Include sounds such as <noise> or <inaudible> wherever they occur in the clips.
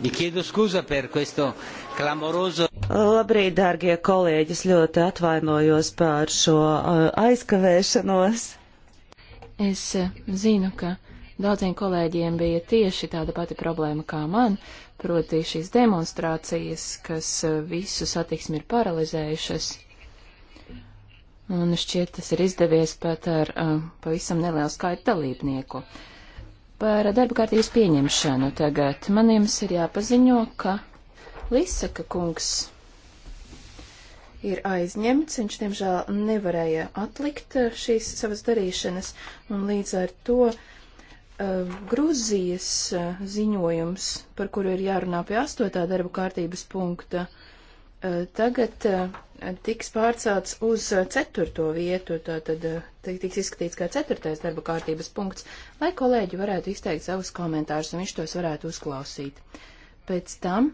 Vi chiedo scusa per questo clamoroso. Labrīt, dārgie kolēģi, es ļoti atvainojos par šo uh, aizkavēšanos. Es uh, zinu, ka daudziem kolēģiem bija tieši tāda pati problēma kā man, proti šīs demonstrācijas, kas uh, visu satiksmi ir paralizējušas. Un šķiet, tas ir izdevies pat ar uh, pavisam nelielu skaitu dalībnieku. Uh, Par darba kārtības pieņemšanu tagad man jums ir jāpaziņo, ka Lisaka kungs ir aizņemts, viņš diemžēl nevarēja atlikt eh, šīs savas darīšanas, un līdz ar to uh, Gruzijas uh, ziņojums, par kuru ir jārunā pie astotā darba kārtības punkta, uh, tagad uh, tiks pārcelts uz ceturto vietu, tātad eh, tiks izskatīts kā ceturtais darba kārtības punkts, lai kolēģi varētu izteikt savus komentārus un viņš tos varētu uzklausīt. Pēc tam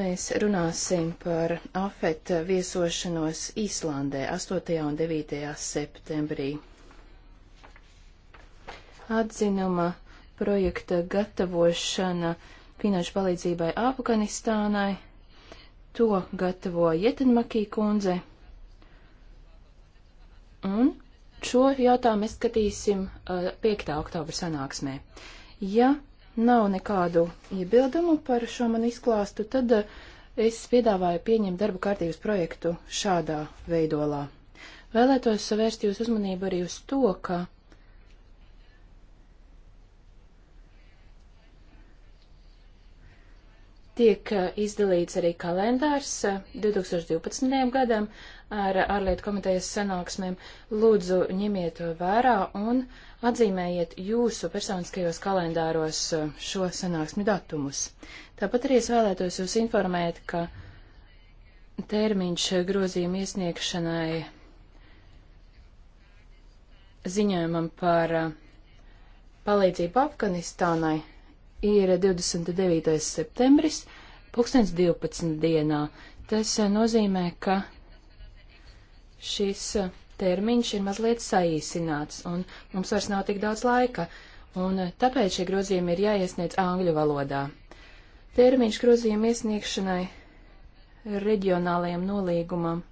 mēs runāsim par afet viesošanos Īslandē 8. un 9. septembrī. Atzinuma projekta gatavošana finanšu palīdzībai Afganistānai To gatavo Jetenmakī kundze. Un šo jautājumu mēs skatīsim uh, eh, 5. oktobra sanāksmē. Ja nav nekādu iebildumu par šo manu izklāstu, tad uh, es piedāvāju pieņemt darba kārtības projektu šādā veidolā. Vēlētos savērst jūs uzmanību arī uz to, ka Tiek eh, izdalīts arī kalendārs 2012. Eh, gadam ar ārlietu komitejas sanāksmēm. Lūdzu, ņemiet to vērā un atzīmējiet jūsu personiskajos kalendāros eh, šo sanāksmi datumus. Tāpat arī es vēlētos jūs informēt, ka termiņš grozījuma iesniegšanai ziņojumam par palīdzību Afganistānai ir 29. septembris, 2012. dienā. Tas eh, nozīmē, ka šis eh, termiņš ir mazliet saīsināts, un mums vairs nav tik daudz laika, un eh, tāpēc šie grozījumi ir jāiesniedz angļu valodā. Termiņš grozījuma iesniegšanai reģionālajam nolīgumam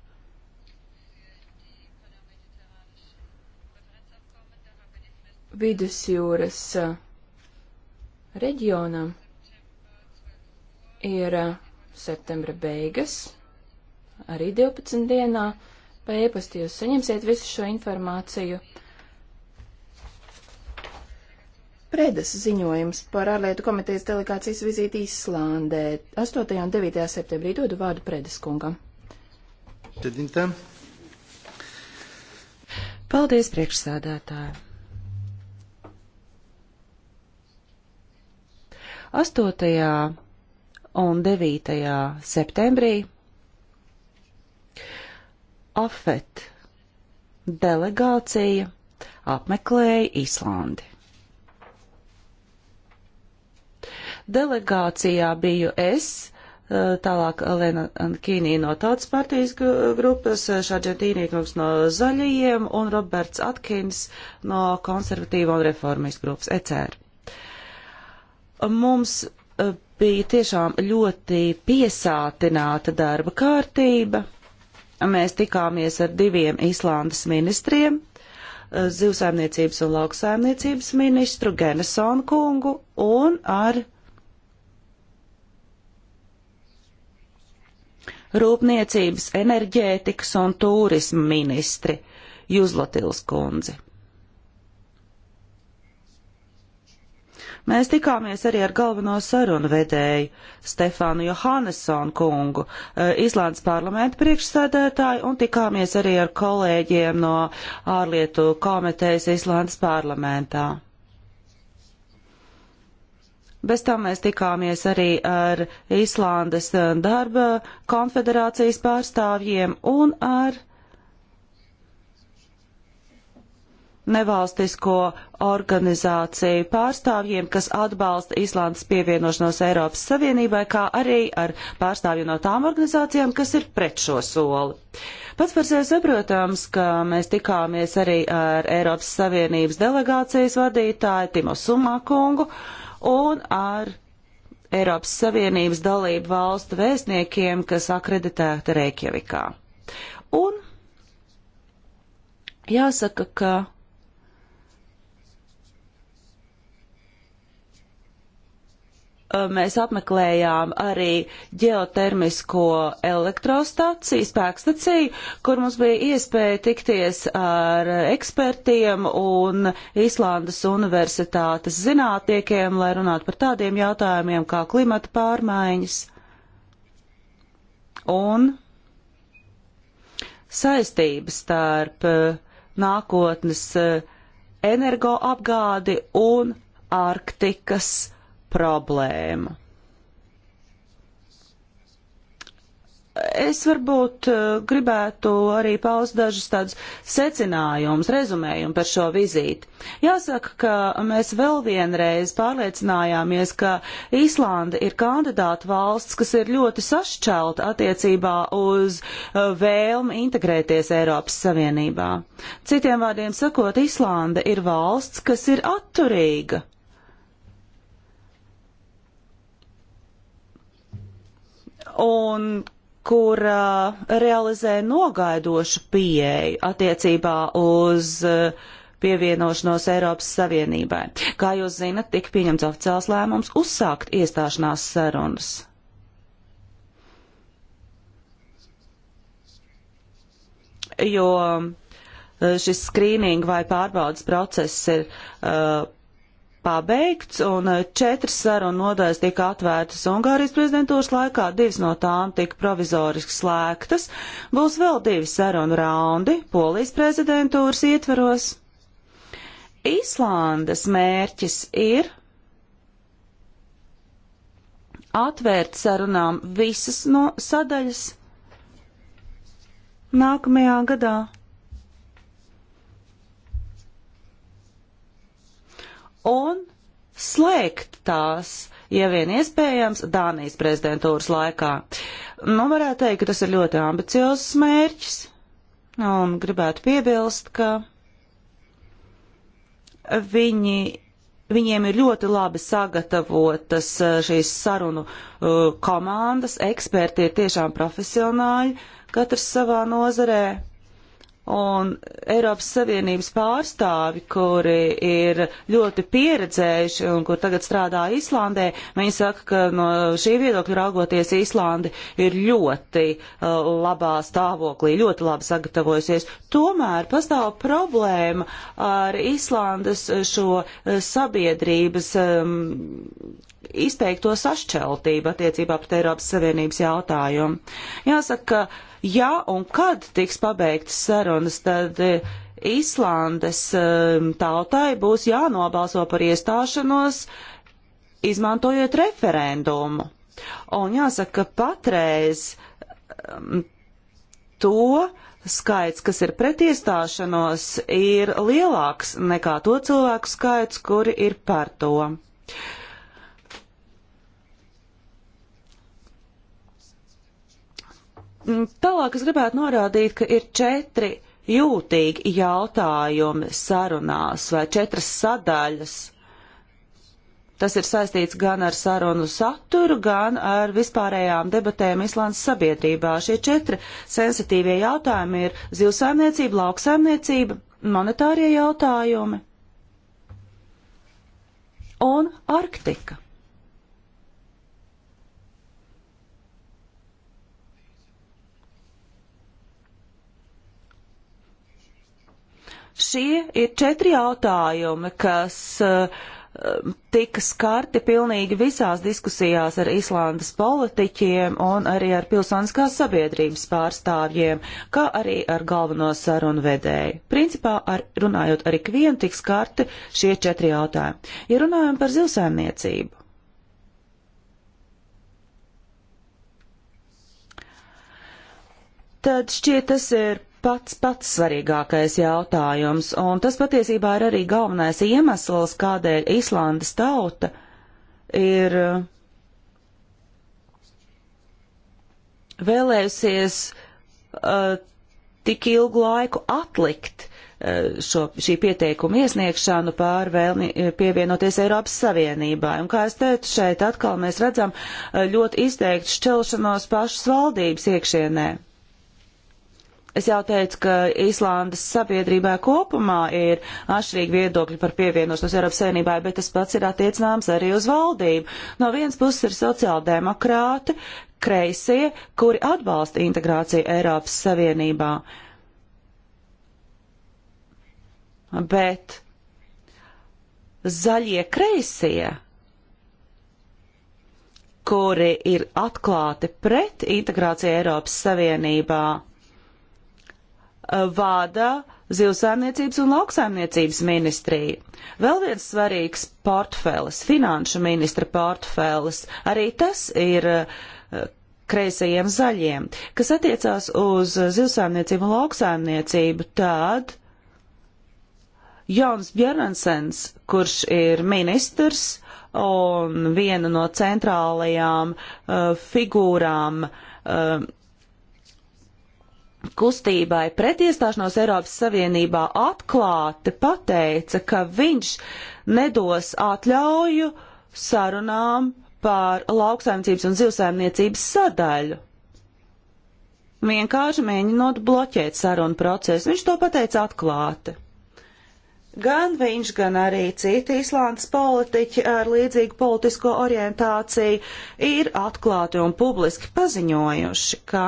vidusjūras reģionam ir uh, septembra beigas, arī 12 dienā. Pa e-pastu jūs saņemsiet visu šo informāciju. Predes ziņojums par ārlietu komitejas delegācijas vizīti Īslandē 8. un 9. septembrī dodu vārdu Predes kungam. Paldies, priekšsēdētāji! 8. un 9. septembrī AFET delegācija apmeklēja Islandi. Delegācijā biju es, eh, tālāk Lena Kīnī no Tautas partijas grupas, Šarģentīnī kungs no Zaļajiem un Roberts Atkins no Konservatīva un Reformijas grupas ECR mums eh, bija tiešām ļoti piesātināta darba kārtība. Mēs tikāmies ar diviem Īslandes ministriem eh, - zivsaimniecības un lauksaimniecības ministru Genesonu kungu un ar rūpniecības, enerģētikas un turisma ministri Juzlatils kundzi. Mēs tikāmies arī ar galveno sarunu vedēju Stefānu Johannesonu kungu, Īslandes eh, parlamenta priekšsēdētāju, un tikāmies arī ar kolēģiem no ārlietu komitejas Īslandes parlamentā. Bez tam mēs tikāmies arī ar Īslandes eh, darba konfederācijas pārstāvjiem un ar nevalstisko organizāciju pārstāvjiem, kas atbalsta Īslandes pievienošanos Eiropas Savienībai, kā arī ar pārstāvju no tām organizācijām, kas ir pret šo soli. Pats par sevi saprotams, ka mēs tikāmies arī ar Eiropas Savienības delegācijas vadītāju Timo Sumakungu un ar Eiropas Savienības dalību valstu vēstniekiem, kas akreditēta Reikjavikā. Un jāsaka, ka mēs apmeklējām arī ģeotermisko elektrostaciju, spēkstaciju, kur mums bija iespēja tikties ar ekspertiem un Islandas universitātes zinātniekiem, lai runātu par tādiem jautājumiem kā klimata pārmaiņas. Un saistības starp nākotnes energoapgādi un Arktikas problēma. Es varbūt eh, gribētu arī paust dažus tādus secinājumus, rezumējumu par šo vizīti. Jāsaka, ka mēs vēl vienreiz pārliecinājāmies, ka Īslanda ir kandidāta valsts, kas ir ļoti sašķelta attiecībā uz eh, vēlmi integrēties Eiropas Savienībā. Citiem vārdiem sakot, Īslanda ir valsts, kas ir atturīga un kur uh, realizē nogaidošu pieeju attiecībā uz uh, pievienošanos Eiropas Savienībai. Kā jūs zinat, tika pieņemts oficiāls lēmums uzsākt iestāšanās sarunas. Jo uh, šis skrīninga vai pārbaudas process ir uh, pabeigts, un eh, četras sarunu nodaļas tika atvērtas Ungārijas prezidentūras laikā, divas no tām tika provizoriski slēgtas. Būs vēl divi sarunu raundi Polijas prezidentūras ietvaros. Īslandes mērķis ir atvērt sarunām visas no sadaļas nākamajā gadā. un slēgt tās, ja vien iespējams, Dānijas prezidentūras laikā. Nu, varētu teikt, ka tas ir ļoti ambiciozs mērķis, un gribētu piebilst, ka viņi viņiem ir ļoti labi sagatavotas eh, šīs sarunu eh, komandas, eksperti ir tiešām profesionāļi, katrs savā nozarē un Eiropas Savienības pārstāvi, kuri ir ļoti pieredzējuši un kur tagad strādā Īslandē, viņi saka, ka no šī viedokļa raugoties Īslandi ir ļoti uh, labā stāvoklī, ļoti labi sagatavojusies. Tomēr pastāv problēma ar Īslandes uh, šo uh, sabiedrības um, izteikto sašķeltību attiecībā pret Eiropas Savienības jautājumu. Jāsaka, ka ja un kad tiks pabeigtas sarunas, tad Īslandes eh, eh, tautai būs jānobalso par iestāšanos, izmantojot referendumu. Un jāsaka, ka patreiz eh, to skaits, kas ir pretiestāšanos, ir lielāks nekā to cilvēku skaits, kuri ir par to. Mm, tālāk es gribētu norādīt, ka ir četri jūtīgi jautājumi sarunās vai četras sadaļas. Tas ir saistīts gan ar sarunu saturu, gan ar vispārējām debatēm Islandes sabiedrībā. Šie četri sensitīvie jautājumi ir zivsaimniecība, lauksaimniecība, monetārie jautājumi un Arktika. Šie ir četri jautājumi, kas eh, tika skarti pilnīgi visās diskusijās ar Islandas politiķiem un arī ar pilsoniskās sabiedrības pārstāvjiem, kā arī ar galveno sarunu vedēju. Principā, ar, runājot ar ikvienu, tika skarti šie četri jautājumi. Ja runājam par zilsēmniecību, tad šķiet tas ir pats pats svarīgākais jautājums, un tas patiesībā ir arī galvenais iemesls, kādēļ Islandes tauta ir uh, vēlējusies uh, tik ilgu laiku atlikt uh, šo, šī pieteikuma iesniegšanu pār vēlni uh, pievienoties Eiropas Savienībai. Un, kā es teicu, šeit atkal mēs redzam uh, ļoti izteiktu šķelšanos pašas valdības iekšienē. Es jau teicu, ka Īslandes sabiedrībā kopumā ir atšķirīgi viedokļi par pievienošanos Eiropas Savienībai, bet tas pats ir attiecināms arī uz valdību. No vienas puses ir sociāldemokrāti, kreisie, kuri atbalsta integrāciju Eiropas Savienībā. Bet zaļie kreisie kuri ir atklāti pret integrāciju Eiropas Savienībā, Uh, vada zivsēmniecības un lauksaimniecības ministrija. Vēl viens svarīgs portfelis, finanšu ministra portfelis, arī tas ir uh, kreisajiem zaļiem, kas attiecās uz zivsēmniecību un lauksaimniecību tād. Jons Bjernensens, kurš ir ministrs un viena no centrālajām uh, figūrām uh, kustībai pret iestāšanos Eiropas Savienībā atklāti pateica, ka viņš nedos atļauju sarunām par lauksaimniecības un zivsaimniecības sadaļu. Vienkārši mēģinot bloķēt sarunu procesu, viņš to pateica atklāti. Gan viņš, gan arī citi Īslandes politiķi ar līdzīgu politisko orientāciju ir atklāti un publiski paziņojuši, ka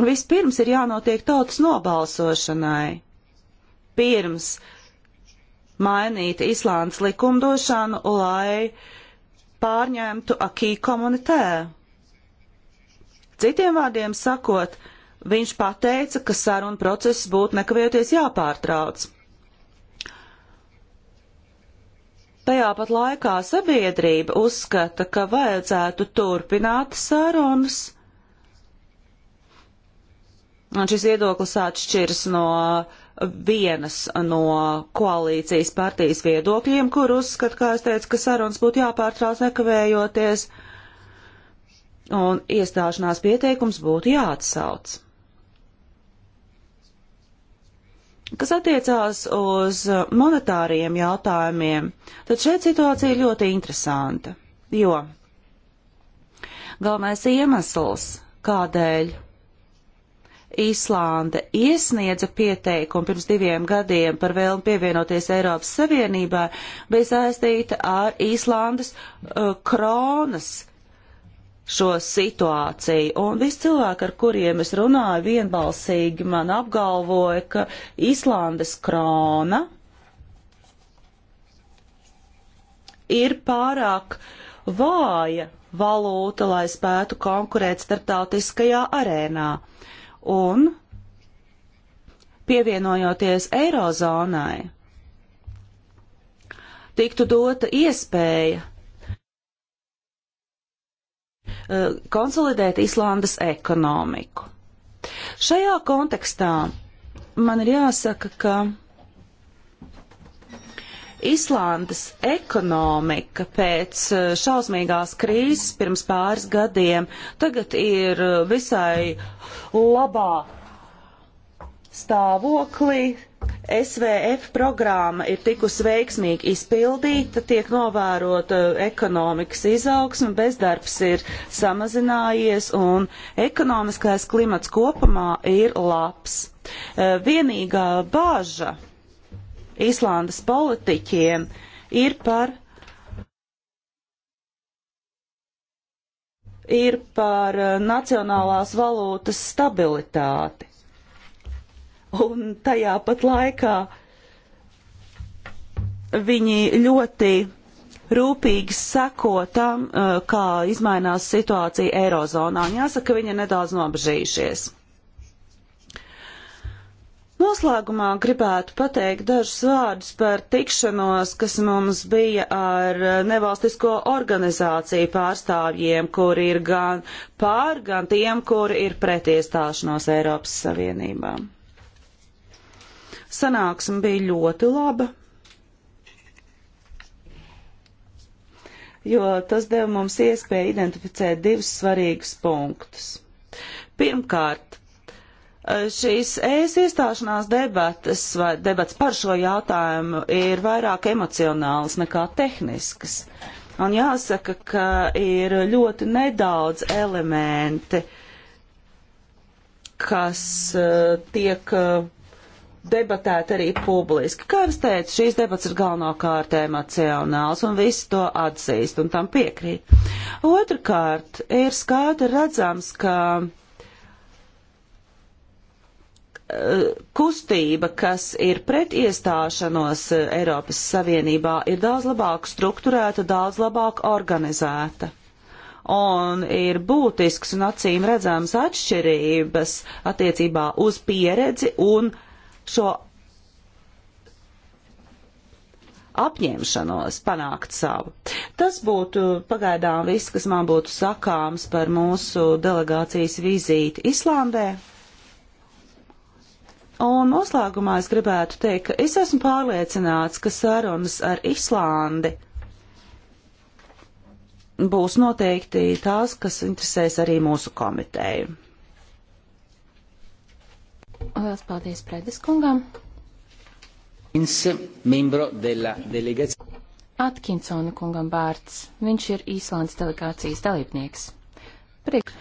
vispirms ir jānotiek tautas nobalsošanai, pirms mainīt Islandes likumdošanu, lai pārņemtu akī komunitē. Citiem vārdiem sakot, viņš pateica, ka saruna process būtu nekavējoties jāpārtrauc. Tajā pat laikā sabiedrība uzskata, ka vajadzētu turpināt sarunas Un šis viedoklis atšķiras no vienas no koalīcijas partijas viedokļiem, kur uzskat, kā es teicu, ka sarunas būtu jāpārtrauc nekavējoties, un iestāšanās pieteikums būtu jāatsauc. Kas attiecās uz monetāriem jautājumiem, tad šeit situācija ir ļoti interesanta, jo galvenais iemesls, kādēļ Īslande iesniedza pieteikumu pirms diviem gadiem par vēlmu pievienoties Eiropas Savienībā, bija saistīta ar Īslandes uh, kronas šo situāciju. Un visi cilvēki, ar kuriem es runāju, vienbalsīgi man apgalvoja, ka Īslandes krona ir pārāk vāja valūta, lai spētu konkurēt starptautiskajā arēnā. Uh, un pievienojoties Eirozonai, tiktu dota iespēja eh, konsolidēt Islandes ekonomiku. Šajā kontekstā man ir jāsaka, ka Islandes ekonomika pēc e, šausmīgās krīzes pirms pāris gadiem tagad ir e, visai labā stāvoklī. SVF programma ir tikusi veiksmīgi izpildīta, tiek novērota e, ekonomikas izaugsme, bezdarbs ir samazinājies un ekonomiskais klimats kopumā ir labs. Vienīgā bāža Īslandes politiķiem ir par ir par eh, nacionālās valūtas stabilitāti. Un tajā pat laikā viņi ļoti rūpīgi seko tam, eh, kā izmainās situācija Eirozonā. Un jāsaka, viņi ir nedaudz nobežījušies. Noslēgumā gribētu pateikt dažus vārdus par tikšanos, kas mums bija ar eh, nevalstisko organizāciju pārstāvjiem, kuri ir gan pār, gan tiem, kuri ir pretiestāšanos Eiropas Savienībā. Sanāksme bija ļoti laba, jo tas deva mums iespēju identificēt divus svarīgus punktus. Pirmkārt, Eh, šīs ēs iestāšanās debatas vai debats par šo jautājumu ir vairāk emocionāls nekā tehnisks. Un jāsaka, ka ir ļoti nedaudz elementi, kas uh, tiek uh, eh, debatēt arī publiski. Kā es teicu, šīs debats ir galvenokārt emocionāls, un visi to atzīst un tam piekrīt. Otrakārt, ir skaidri redzams, ka kustība, kas ir pret iestāšanos Eiropas Savienībā, ir daudz labāk strukturēta, daudz labāk organizēta. Un ir būtisks un acīm redzams atšķirības attiecībā uz pieredzi un šo apņemšanos panākt savu. Tas būtu pagaidām viss, kas man būtu sakāms par mūsu delegācijas vizīti Islandē. Un noslēgumā es gribētu teikt, ka es esmu pārliecināts, ka sarunas ar Islandi būs noteikti tās, kas interesēs arī mūsu komiteju. Lielas paldies Predes kungam. Atkinsona kungam vārds. Viņš ir Īslandes delegācijas dalībnieks. Prieks.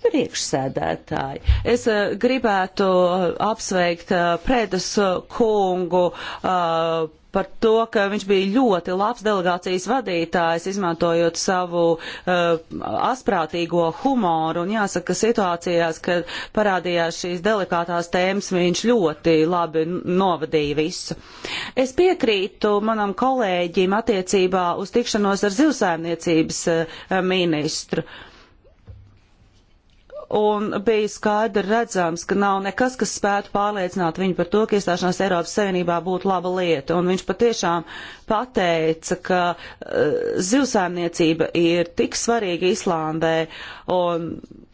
Priekšsēdētāji, es eh, gribētu eh, apsveikt eh, Prēdas kungu par to, ka viņš bija ļoti labs delegācijas vadītājs, izmantojot savu uh, asprātīgo humoru. Un jāsaka, ka situācijās, kad parādījās šīs delikātās tēmas, viņš ļoti labi novadīja visu. Es piekrītu manam kolēģim attiecībā uz tikšanos ar zivsaimniecības uh, ministru. Uh, un bija skaidri redzams, ka nav nekas, kas spētu pārliecināt viņu par to, ka iestāšanās Eiropas Savienībā būtu laba lieta. Un viņš patiešām pateica, ka uh, eh, zivsēmniecība ir tik svarīga Islandē. Un, eh,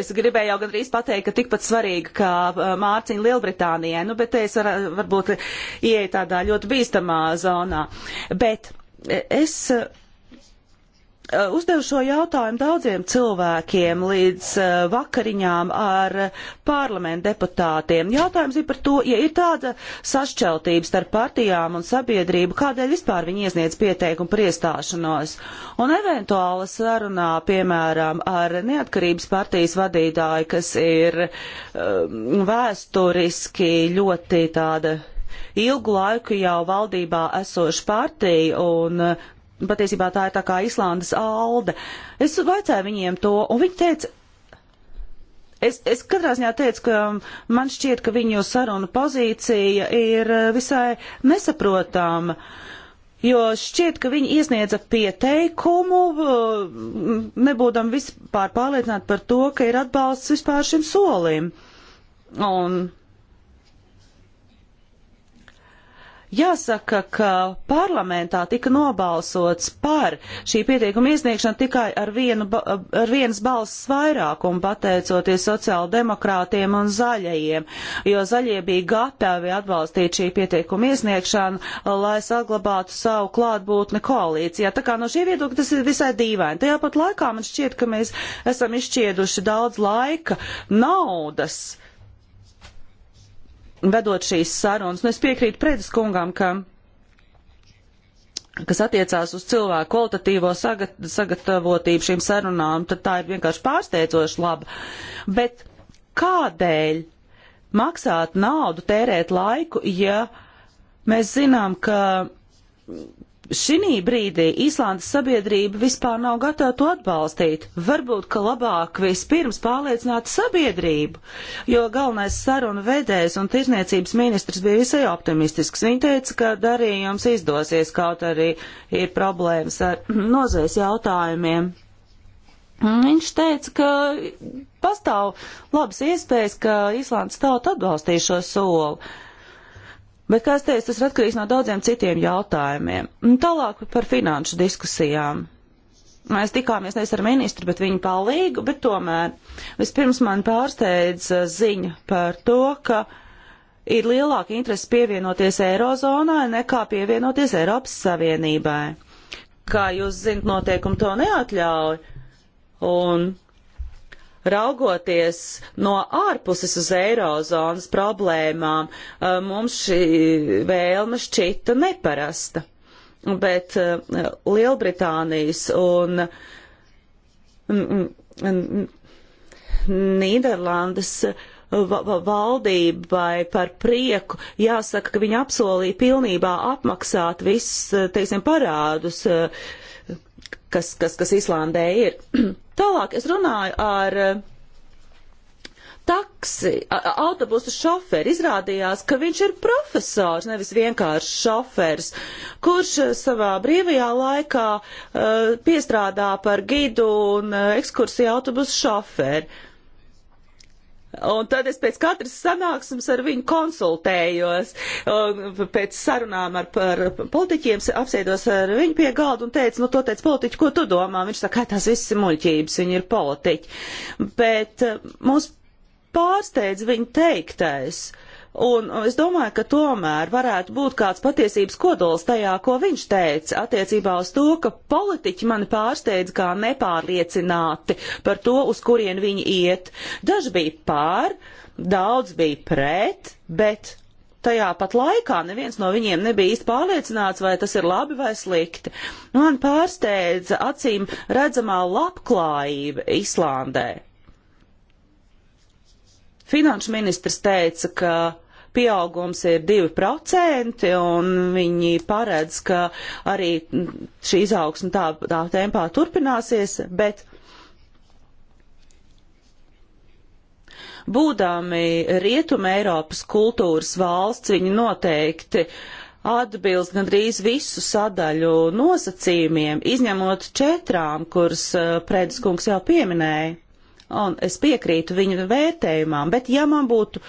Es gribēju jau gandrīz pateikt, ka tikpat svarīga kā eh, mārciņa Lielbritānijai, nu, bet es var, varbūt ieeju tādā ļoti bīstamā zonā. Bet es Eh, uzdevu šo jautājumu daudziem cilvēkiem līdz eh, vakariņām ar parlamentu deputātiem. Jautājums ir par to, ja ir tāda sašķeltība starp partijām un sabiedrību, kādēļ vispār viņi iesniedz pieteikumu par iestāšanos. Un eventuāli sarunā, piemēram, ar neatkarības partijas vadītāju, kas ir um, vēsturiski ļoti tāda ilgu laiku jau valdībā esoša partija un patiesībā tā ir tā kā Islandes alde. Es vaicāju viņiem to, un viņi teica, Es, es katrā ziņā teicu, ka man šķiet, ka viņu saruna pozīcija ir eh, visai nesaprotama. Jo šķiet, ka viņi iesniedza pieteikumu, eh, nebūdam vispār pārliecināti par to, ka ir atbalsts vispār šim solim. Un Jāsaka, ka parlamentā tika nobalsots par šī pieteikuma iesniegšanu tikai ar, vienu, ar vienas balss vairākumu, pateicoties sociāldemokrātiem un zaļajiem, jo zaļie bija gatavi atbalstīt šī pieteikuma iesniegšanu, lai saglabātu savu klātbūtni koalīcijā. Tā kā no šī viedokļa tas ir visai dīvaini. Tajāpat laikā man šķiet, ka mēs esam izšķieduši daudz laika, naudas vedot šīs sarunas. Nu, es piekrītu Prēdis kungam, ka kas attiecās uz cilvēku kvalitatīvo sagat, sagatavotību šīm sarunām, tad tā ir vienkārši pārsteidzoši laba. Bet kādēļ maksāt naudu, tērēt laiku, ja mēs zinām, ka Šī brīdī Īslandes sabiedrība vispār nav gatava to atbalstīt. Varbūt, ka labāk vispirms pārliecināt sabiedrību, jo galvenais saruna vedējs un tirzniecības ministrs bija visai optimistisks. Viņa teica, ka darījums izdosies, kaut arī ir problēmas ar <clears throat> nozēs jautājumiem. Viņš teica, ka pastāv labas iespējas, ka Īslandes tauta atbalstīs šo soli. Bet, kā es teicu, tas ir atkarīgs no daudziem citiem jautājumiem. Un tālāk par finanšu diskusijām. Mēs tikāmies nevis ar ministru, bet viņu palīgu, bet tomēr vispirms man pārsteidz uh, ziņa par to, ka ir lielāka interese pievienoties Eirozonai nekā pievienoties Eiropas Savienībai. Kā jūs zinat, noteikumi to neatļauj. Un Raugoties no ārpuses uz eirozonas problēmām, eh, mums šī vēlme šķita neparasta. Bet eh, Lielbritānijas un mm, mm, mm, Nīderlandes eh, valdībai par prieku jāsaka, ka viņi apsolīja pilnībā apmaksāt visus, teiksim, parādus, uh, kas, kas, kas Islandē ir. <clears throat> Tālāk es runāju ar eh, taksi, autobusu šoferi izrādījās, ka viņš ir profesors, nevis vienkārši šofers, kurš eh, savā brīvajā laikā uh, piestrādā par gidu un uh, ekskursiju autobusu šoferi. Un tad es pēc katras sanāksmes ar viņu konsultējos. Un pēc sarunām ar, ar politiķiem apsēdos ar viņu pie galda un teicu, nu, to teica politiķi, ko tu domā? Viņš saka, tās viss ir muļķības, viņi ir politiķi. Bet eh, mūs pārsteidz viņa teiktais. Uh, Un es domāju, ka tomēr varētu būt kāds patiesības kodols tajā, ko viņš teica attiecībā uz to, ka politiķi mani pārsteidz kā nepārliecināti par to, uz kurien viņi iet. Daži bija pār, daudz bija pret, bet tajā pat laikā neviens no viņiem nebija īsti pārliecināts, vai tas ir labi vai slikti. Man pārsteidza acīm redzamā labklājība Islandē. Finanšu ministrs teica, ka pieaugums ir 2%, un viņi paredz, ka arī šī izaugsme tā, tā tempā turpināsies, bet būdami Rietuma Eiropas kultūras valsts, viņi noteikti atbilst gandrīz visu sadaļu nosacījumiem, izņemot četrām, kuras eh, Prēdiskungs jau pieminēja un es piekrītu viņu vērtējumam, bet ja man būtu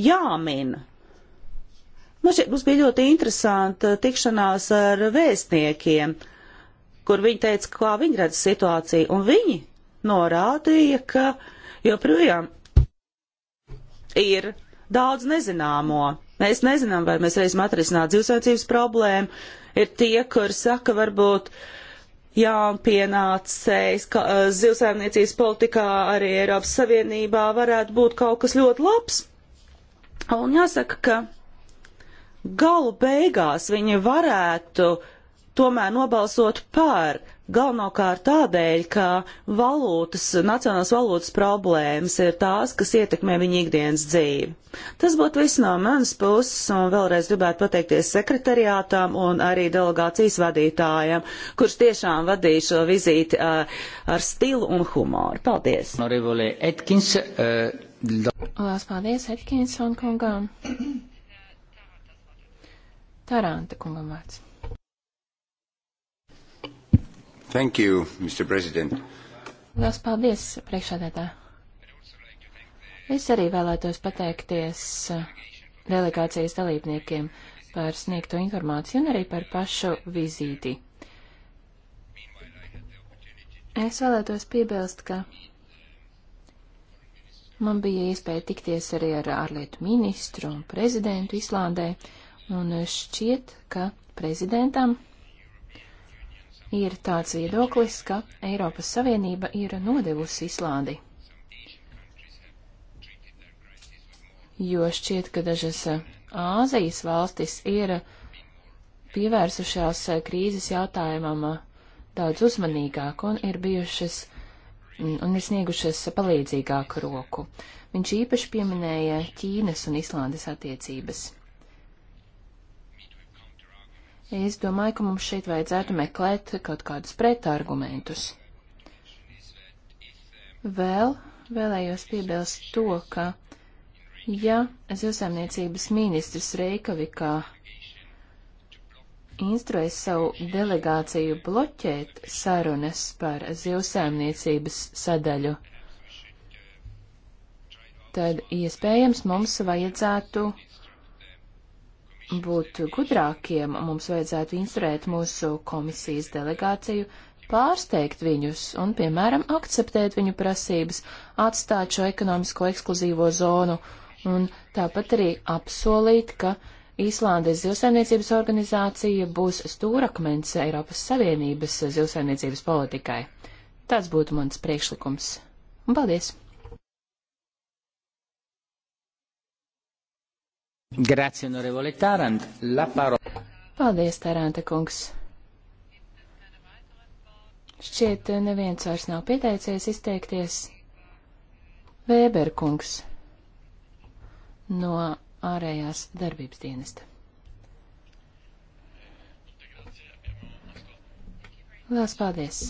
jāmin, nu šeit mums bija ļoti interesanta tikšanās ar vēstniekiem, kur viņi teica, kā viņi redz situāciju, un viņi norādīja, ka joprojām ir daudz nezināmo. Mēs nezinām, vai mēs reiz atrisināt dzīvesvērtības problēmu. Ir tie, kur saka, varbūt uh, jaunpienācējs uh, zivsaimniecības politikā arī Eiropas Savienībā varētu būt kaut kas ļoti labs. Un jāsaka, ka galu beigās viņi varētu tomēr nobalsot par Galvenokārt tādēļ, ka valūtas, nacionālās valūtas problēmas ir tās, kas ietekmē viņu ikdienas dzīvi. Tas būtu viss no manas puses, un vēlreiz gribētu pateikties sekretariātām un arī delegācijas vadītājam, kurš tiešām vadīja šo vizīti ar, uh, ar stilu un humoru. Paldies! Etkins, uh, Lās paldies, Edkins un kungam! Taranta kungam vārds. Thank you, Mr. President. Lielas paldies, priekšādētā. Es arī vēlētos pateikties uh, delegācijas dalībniekiem par sniegto informāciju un arī par pašu vizīti. Es vēlētos piebilst, ka man bija iespēja tikties arī ar ārlietu ministru un prezidentu Islandē, un šķiet, ka prezidentam ir tāds viedoklis, ka Eiropas Savienība ir nodevusi Islandi. Jo šķiet, ka dažas Āzijas valstis ir pievērsušās krīzes jautājumam daudz uzmanīgāk un ir bijušas un ir sniegušas palīdzīgāku roku. Viņš īpaši pieminēja Ķīnas un Islandes attiecības. Es domāju, ka mums šeit vajadzētu meklēt kaut kādus pretargumentus. Vēl vēlējos piebilst to, ka ja zivsaimniecības ministrs Reikavikā instruēs savu delegāciju bloķēt sarunas par zivsaimniecības sadaļu, tad iespējams mums vajadzētu būt gudrākiem, mums vajadzētu instruēt mūsu komisijas delegāciju, pārsteigt viņus un, piemēram, akceptēt viņu prasības, atstāt šo ekonomisko ekskluzīvo zonu un tāpat arī apsolīt, ka Īslandes zivsaimniecības organizācija būs stūrakmens Eiropas Savienības zivsaimniecības politikai. Tas būtu mans priekšlikums. Un paldies! Grazie, onorevole Tarant. La parola. Paldies, Taranta kungs. Šķiet, neviens vairs nav pieteicies izteikties. Vēber kungs no ārējās darbības dienesta. Lielas paldies!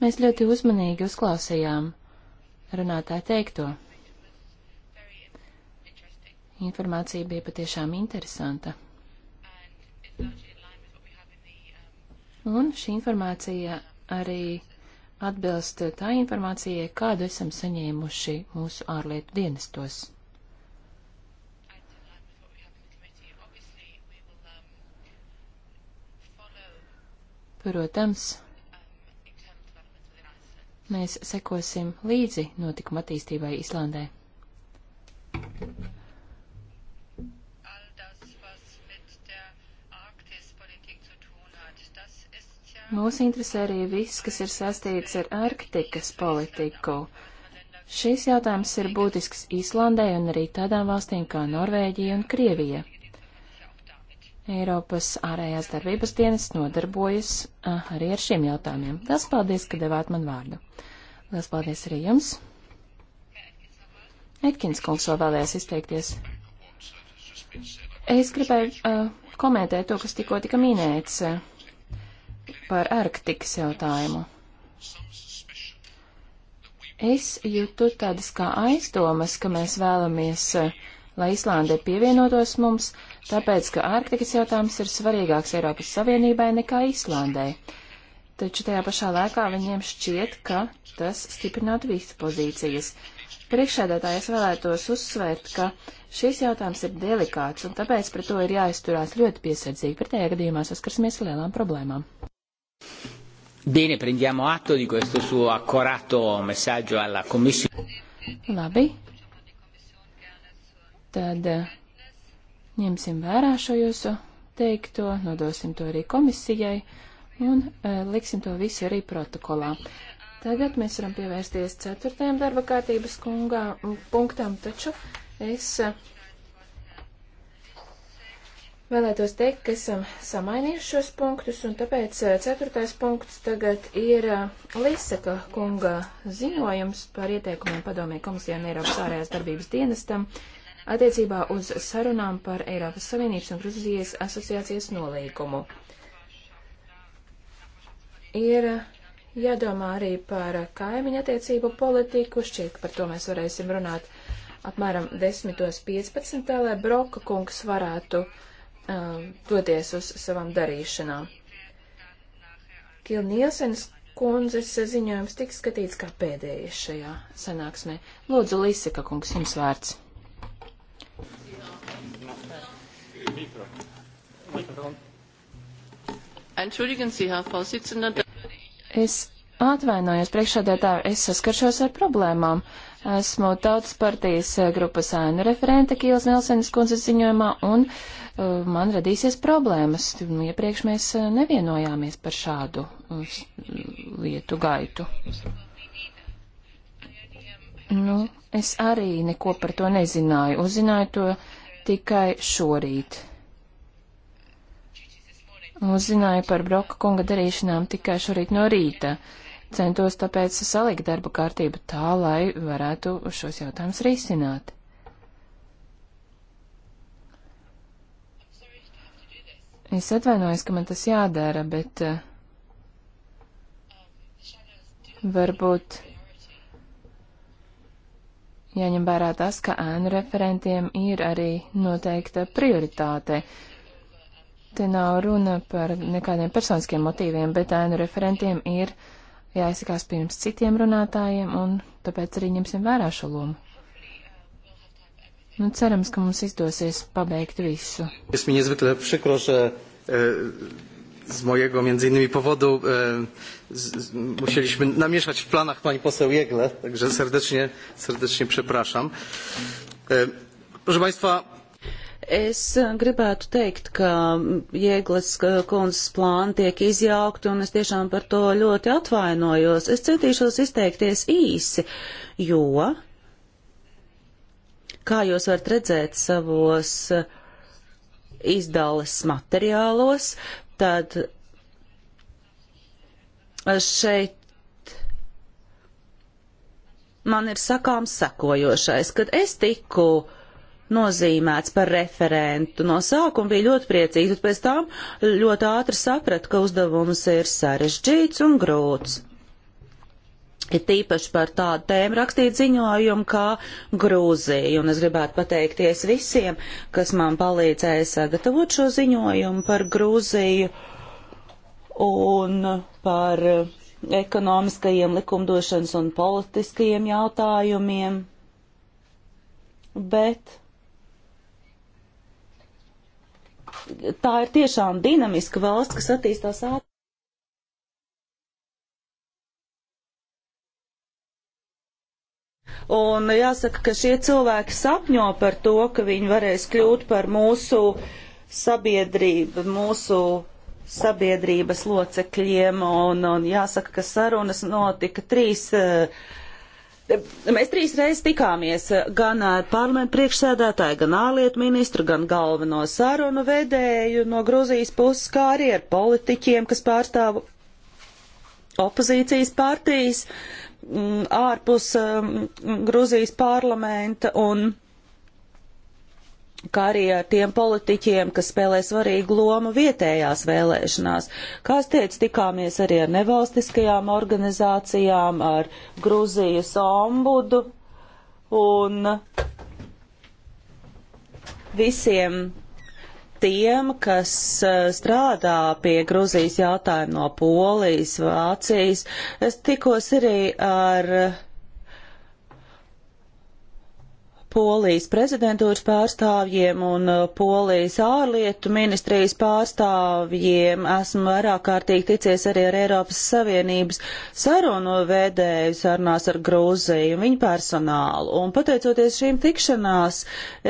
Mēs ļoti uzmanīgi uzklausījām runātāju teikto. Informācija bija patiešām interesanta. Un šī informācija arī atbilst tā informācijai, kādu esam saņēmuši mūsu ārlietu dienestos. Protams, mēs sekosim līdzi notikuma attīstībai Islandē. Mūs interesē arī viss, kas ir saistīts ar Arktikas politiku. Šis jautājums ir būtisks Īslandē un arī tādām valstīm kā Norvēģija un Krievija. Eiropas ārējās darbības dienas nodarbojas arī ar šiem jautājumiem. Lielas paldies, ka devāt man vārdu. Lielas paldies arī jums. Etkins kungs vēl vēlējās izteikties. Es gribēju uh, komentēt to, kas tikko tika minēts. Uh, par Arktikas jautājumu. Es jūtu tādas kā aizdomas, ka mēs vēlamies, eh, lai Islāndē pievienotos mums, tāpēc, ka Arktikas jautājums ir svarīgāks Eiropas Savienībai nekā Islāndē. Taču tajā pašā laikā viņiem šķiet, ka tas stiprinātu visu pozīcijas. Priekšēdētāji es vēlētos uzsvērt, ka šis jautājums ir delikāts, un tāpēc pret to ir jāizturās ļoti piesardzīgi, pretējā gadījumā saskarsimies ar lielām problēmām. Bene, prendiamo atto di questo suo accorato messaggio alla Commissione. Labi. Tad ņemsim vērā šo jūsu teikto, nodosim to arī komisijai un uh, liksim to visu arī protokolā. Tagad mēs varam pievērsties ceturtajam darba kārtības kungā, punktam, taču es uh, Vēlētos teikt, ka esam samainījuši šos punktus, un tāpēc eh, ceturtais punkts tagad ir eh, Lisaka kunga ziņojums par ieteikumiem padomē komisijai un Eiropas ārējās darbības dienestam attiecībā uz sarunām par Eiropas Savienības un Gruzijas asociācijas nolīgumu. Ir eh, jādomā arī par kaimiņu attiecību politiku, šķiet, ka par to mēs varēsim runāt apmēram 10.15, lai Broka kungs varētu uh, Um, doties uz savām darīšanām. Kilnielsens kundzes ziņojums tiks skatīts kā pēdējais šajā sanāksmē. Lūdzu, Līsika kungs, jums vārds. Es atvainojos priekšādētāju, es saskaršos ar problēmām. Esmu tautas partijas grupas ēnu referente Kīls Nelsens kundzes ziņojumā un uh, Uh, man radīsies problēmas. Nu, iepriekš mēs uh, nevienojāmies par šādu uh, lietu gaitu. Nu, es arī neko par to nezināju. Uzzināju to tikai šorīt. Uzzināju par Broka kunga darīšanām tikai šorīt no rīta. Centos tāpēc salikt darba kārtību tā, lai varētu šos jautājumus risināt. Es atvainojos, ka man tas jādara, bet eh, varbūt jāņem vērā tas, ka ēnu referentiem ir arī noteikta prioritāte. Te nav runa par nekādiem personiskiem motīviem, bet ēnu referentiem ir jāizsakās pirms citiem runātājiem, un tāpēc arī ņemsim vērā šo lomu. Nu, cerams, ka mums izdosies pabeigt visu. Es mi niezwykle przykro, że e, z mojego między innymi powodu e, z, musieliśmy namieszać w planach pani poseł Jegle, także serdecznie, serdecznie przepraszam. E, proszę Państwa, Es gribētu teikt, ka Jēglas kundzes plāni tiek izjaukti, un es tiešām par to ļoti atvainojos. Es centīšos izteikties īsi, jo Kā jūs varat redzēt savos eh, izdales materiālos, tad eh, šeit man ir sakāms sekojošais, kad es tiku nozīmēts par referentu. No sākuma bija ļoti priecīgs, bet pēc tam ļoti ātri sapratu, ka uzdevums ir sarežģīts un grūts ir tīpaši par tādu tēmu rakstīt ziņojumu kā Grūzija, un es gribētu pateikties visiem, kas man palīdzēja sagatavot šo ziņojumu par Grūziju un par ekonomiskajiem likumdošanas un politiskajiem jautājumiem, bet tā ir tiešām dinamiska valsts, kas attīstās ātri. Un jāsaka, ka šie cilvēki sapņo par to, ka viņi varēs kļūt par mūsu sabiedrību, mūsu sabiedrības locekļiem. Un, un jāsaka, ka sarunas notika trīs. Eh, mēs trīs reizes tikāmies gan ar eh, parlamentu priekšsēdētāju, gan ārlietu ministru, gan galveno sarunu vedēju no Gruzijas puses, kā arī ar politiķiem, kas pārstāv opozīcijas partijas. Uh, Mm, ārpus mm, Gruzijas parlamenta un kā arī ar tiem politiķiem, kas spēlē svarīgu lomu vietējās vēlēšanās. Kā es teicu, tikāmies arī ar nevalstiskajām organizācijām, ar Gruzijas ombudu un visiem tiem, kas eh, strādā pie Gruzijas jautājuma no Polijas, Vācijas. Es tikos arī ar Polijas prezidentūras pārstāvjiem un uh, Polijas ārlietu ministrijas pārstāvjiem. Esmu vairāk kārtīgi ticies arī ar Eiropas Savienības sarunu vēdēju sarunās ar Grūziju un viņu personālu. Un pateicoties šīm tikšanās,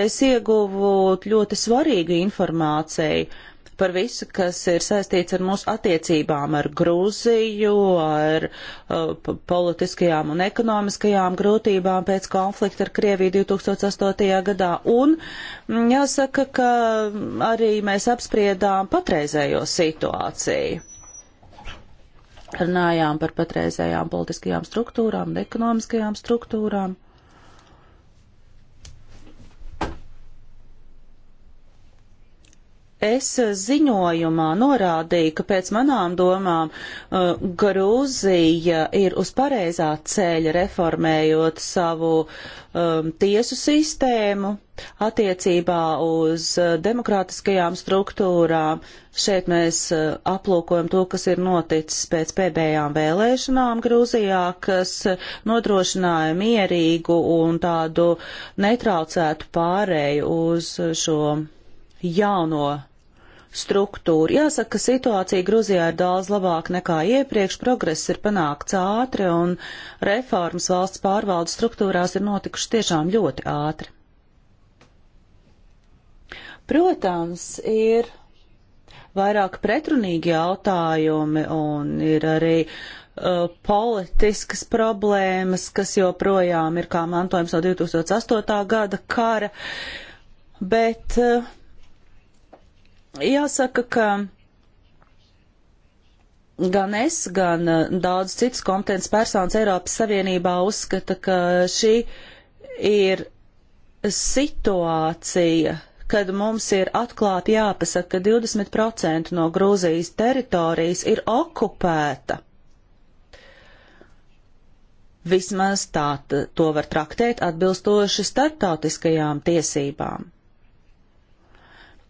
es ieguvu ļoti svarīgu informāciju par visu, kas ir saistīts ar mūsu attiecībām ar Grūziju, ar uh, politiskajām un ekonomiskajām grūtībām pēc konflikta ar Krieviju 2008. gadā. Un mm, jāsaka, ka arī mēs apspriedām patreizējo situāciju. Runājām par patreizējām politiskajām struktūrām un ekonomiskajām struktūrām. Es eh, ziņojumā norādīju, ka pēc manām domām uh, Grūzija ir uz pareizā ceļa reformējot savu um, tiesu sistēmu attiecībā uz uh, demokrātiskajām struktūrām. Šeit mēs uh, aplūkojam to, kas ir noticis pēc pēdējām vēlēšanām Grūzijā, kas nodrošināja mierīgu un tādu netraucētu pārēju uz šo jauno struktūru. Jāsaka, ka situācija Gruzijā ir daudz labāka nekā iepriekš, progress ir panākts ātri un reformas valsts pārvaldes struktūrās ir notikušas tiešām ļoti ātri. Protams, ir vairāk pretrunīgi jautājumi un ir arī uh, politiskas problēmas, kas joprojām ir kā mantojums no 2008. gada kara, bet uh, Jāsaka, ka gan es, gan uh, daudz citas kompetents personas Eiropas Savienībā uzskata, ka šī ir situācija, kad mums ir atklāti jāpasaka, ka 20% no Grūzijas teritorijas ir okupēta. Vismaz tā to var traktēt atbilstoši starptautiskajām tiesībām.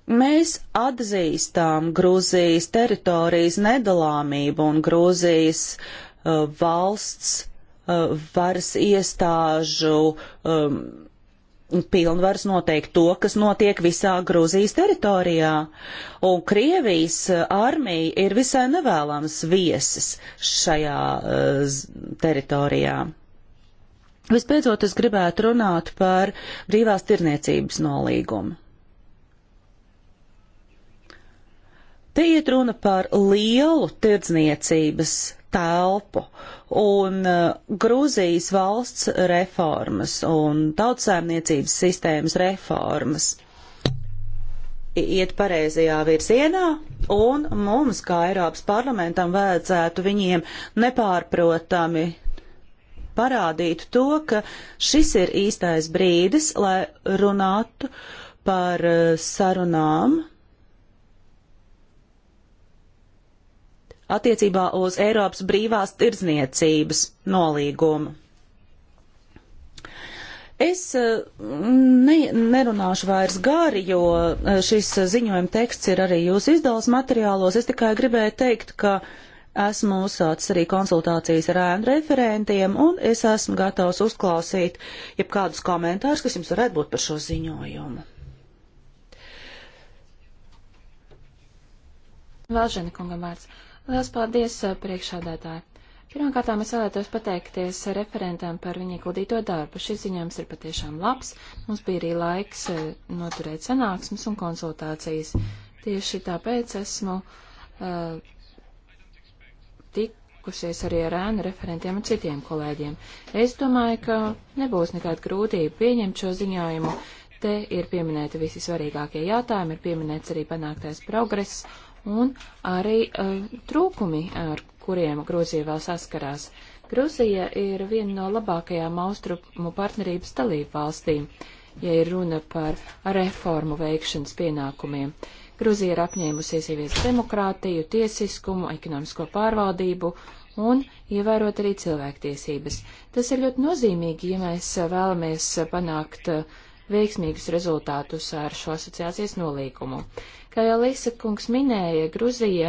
Mēs atzīstām Grūzijas teritorijas nedalāmību un Grūzijas uh, valsts uh, varas iestāžu um, pilnvars noteikt to, kas notiek visā Grūzijas teritorijā. Un Krievijas uh, armija ir visai nevēlams viesis šajā uh, teritorijā. Vispēcot, es gribētu runāt par brīvās tirniecības nolīgumu. Te iet runa par lielu tirdzniecības telpu un uh, Grūzijas valsts reformas un tautsēmniecības sistēmas reformas iet pareizajā virzienā, un mums, kā Eiropas parlamentam, vajadzētu viņiem nepārprotami parādīt to, ka šis ir īstais brīdis, lai runātu par uh, sarunām attiecībā uz Eiropas brīvās tirdzniecības nolīgumu. Es eh, ne, nerunāšu vairs gari, jo eh, šis ziņojuma teksts ir arī jūsu izdevums materiālos. Es tikai gribēju teikt, ka esmu uzsācis arī konsultācijas ar ēnu referentiem, un es esmu gatavs uzklausīt jebkādus komentārus, kas jums varētu būt par šo ziņojumu. Valžēna kungam vārds. Uh, Lielas paldies, priekšādātāji! Pirmkārt, es vēlētos pateikties referentam par viņa ieguldīto darbu. Šis ziņojums ir patiešām labs. Mums bija arī laiks noturēt sanāksmes un konsultācijas. Tieši tāpēc esmu uh, tikusies arī ar ēnu referentiem un citiem kolēģiem. Es domāju, ka nebūs nekāda grūtība pieņemt šo ziņojumu. Te ir pieminēti visi svarīgākie jautājumi, ir pieminēts arī panāktais progress un arī uh, trūkumi, ar kuriem Grūzija vēl saskarās. Grūzija ir viena no labākajām austrumu partnerības dalību valstīm, ja ir runa par reformu veikšanas pienākumiem. Grūzija ir apņēmusies ieviest demokrātiju, tiesiskumu, ekonomisko pārvaldību un ievērot arī cilvēktiesības. Tas ir ļoti nozīmīgi, ja mēs vēlamies panākt eh, veiksmīgus rezultātus ar šo asociācijas nolīkumu. Kā jau Lisa kungs minēja, Gruzija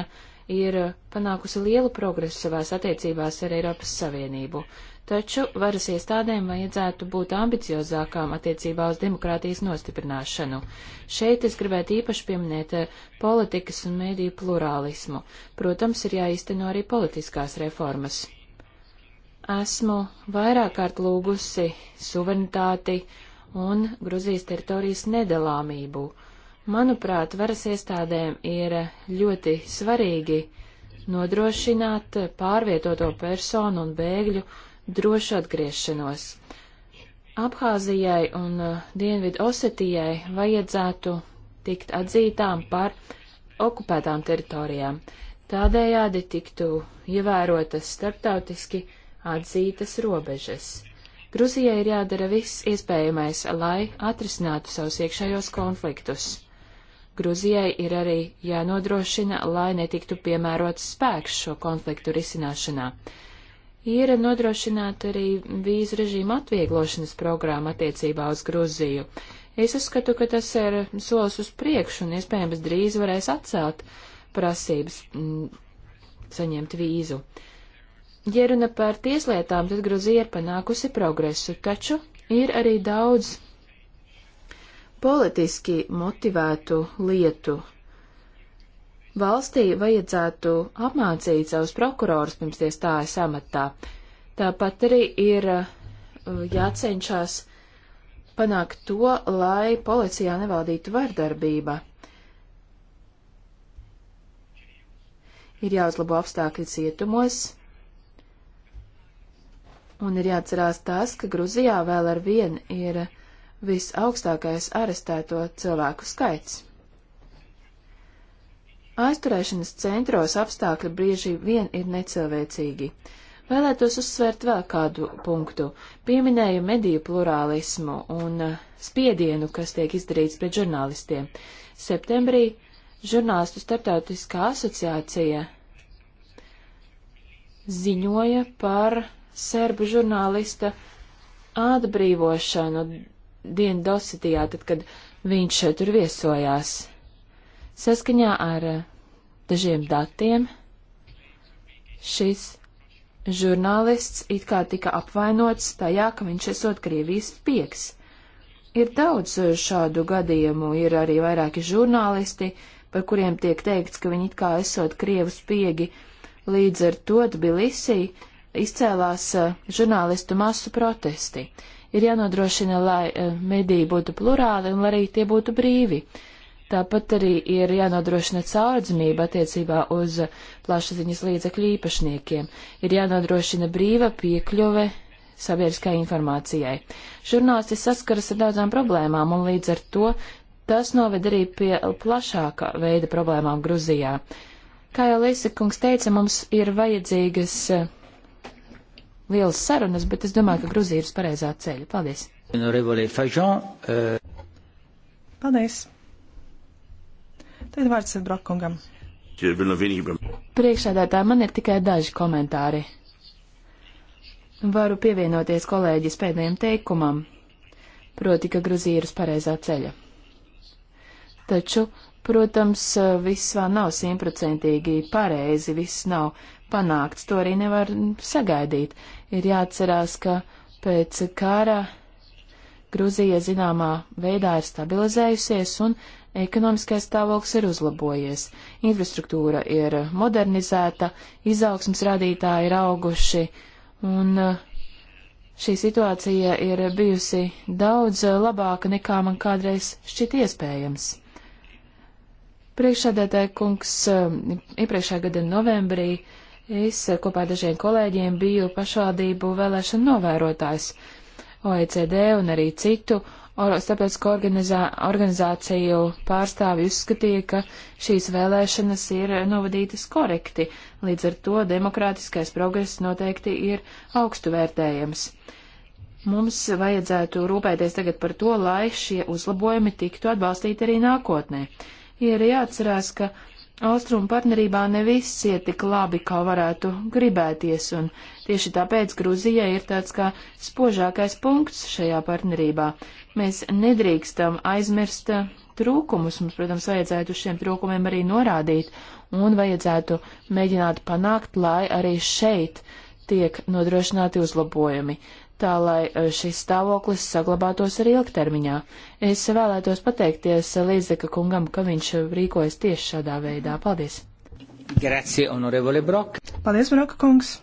ir panākusi lielu progresu savās attiecībās ar Eiropas Savienību, taču varas iestādēm vajadzētu būt ambiciozākām attiecībā uz demokrātijas nostiprināšanu. Šeit es gribētu īpaši pieminēt eh, politikas un mēdīju plurālismu. Protams, ir jāīsteno arī politiskās reformas. Esmu vairāk kārt lūgusi suverenitāti un Gruzijas teritorijas nedalāmību Manuprāt, varas iestādēm ir ļoti svarīgi nodrošināt pārvietoto personu un bēgļu drošu atgriešanos. Abhāzijai un uh, Dienvidu Osetijai vajadzētu tikt atzītām par okupētām teritorijām. Tādējādi tiktu ievērotas starptautiski atzītas robežas. Gruzijai ir jādara viss iespējamais, lai atrisinātu savus iekšējos konfliktus. Gruzijai ir arī jānodrošina, lai netiktu piemērots spēks šo konfliktu risināšanā. Ir nodrošināta arī vīzu režīma atvieglošanas programma attiecībā uz Gruziju. Es uzskatu, ka tas ir solis uz priekšu un iespējams drīz varēs atcelt prasības m, mm, saņemt vīzu. Ja runa par tieslietām, tad Gruzija ir panākusi progresu, taču ir arī daudz politiski motivētu lietu. Valstī vajadzētu apmācīt savus prokurorus pirms tie stājas amatā. Tāpat arī ir uh, jācenšas panākt to, lai policijā nevaldītu vardarbība. Ir jāuzlabo apstākļi cietumos, un ir jāatcerās tas, ka Gruzijā vēl ar vienu ir visaugstākais arestēto cilvēku skaits. Aizturēšanas centros apstākļi brieži vien ir necilvēcīgi. Vēlētos uzsvērt vēl kādu punktu. Pieminēju mediju plurālismu un eh, spiedienu, kas tiek izdarīts pret žurnālistiem. Septembrī žurnālistu starptautiskā asociācija ziņoja par serbu žurnālista atbrīvošanu dienu Dosidijā, tad, kad viņš tur viesojās. Saskaņā ar eh, dažiem datiem šis žurnālists it kā tika apvainots tajā, ka viņš esot Krievijas spieks. Ir daudz eh, šādu gadījumu, ir arī vairāki žurnālisti, par kuriem tiek teikts, ka viņi it kā esot Krievu spiegi, līdz ar to Tbilisī izcēlās eh, žurnālistu masu protesti. Ir jānodrošina, lai e, mediji būtu plurāli un lai arī tie būtu brīvi. Tāpat arī ir jānodrošina caurdzamība attiecībā uz plašsaziņas līdzekļu īpašniekiem. Ir jānodrošina brīva piekļuve sabiedriskai informācijai. Žurnālisti saskaras ar daudzām problēmām, un līdz ar to tas noved arī pie plašāka veida problēmām Gruzijā. Kā jau Līsakungs teica, mums ir vajadzīgas e, lielas sarunas, bet es domāju, ka Gruzija ir uz pareizā ceļa. Paldies! Uh, Paldies! Tagad vārds Brokungam. Priekšādētāji, man ir tikai daži komentāri. Varu pievienoties kolēģis pēdējiem teikumam, proti, ka Gruzija ir uz pareizā ceļa. Taču, protams, viss vēl nav simtprocentīgi pareizi, viss nav panākts, to arī nevar sagaidīt. Ir jāatcerās, ka pēc kara Gruzija zināmā veidā ir stabilizējusies un ekonomiskais stāvoklis ir uzlabojies. Infrastruktūra ir modernizēta, izaugsmas rādītāji ir auguši un uh, šī situācija ir bijusi daudz uh, labāka nekā man kādreiz šķiet iespējams. Priekšsēdētāja kungs uh, iepriekšējā gada novembrī uh, Es kopā ar dažiem kolēģiem biju pašvaldību vēlēšanu novērotājs OECD un arī citu starptautisko organizā, organizāciju pārstāvi uzskatīja, ka šīs vēlēšanas ir novadītas korekti, līdz ar to demokrātiskais progress noteikti ir augstu vērtējams. Mums vajadzētu rūpēties tagad par to, lai šie uzlabojumi tiktu atbalstīti arī nākotnē. Ir jāatcerās, ka Austrumu partnerībā ne viss iet tik labi, kā varētu gribēties, un tieši tāpēc Gruzija ir tāds kā spožākais punkts šajā partnerībā. Mēs nedrīkstam aizmirst trūkumus, mums, protams, vajadzētu uz šiem trūkumiem arī norādīt, un vajadzētu mēģināt panākt, lai arī šeit tiek nodrošināti uzlabojumi tā lai e, šis stāvoklis saglabātos arī ilgtermiņā. Es vēlētos pateikties Līdzeka kungam, ka viņš rīkojas tieši šādā veidā. Paldies! Grazie, honorevole Brok! Paldies, Broka kungs!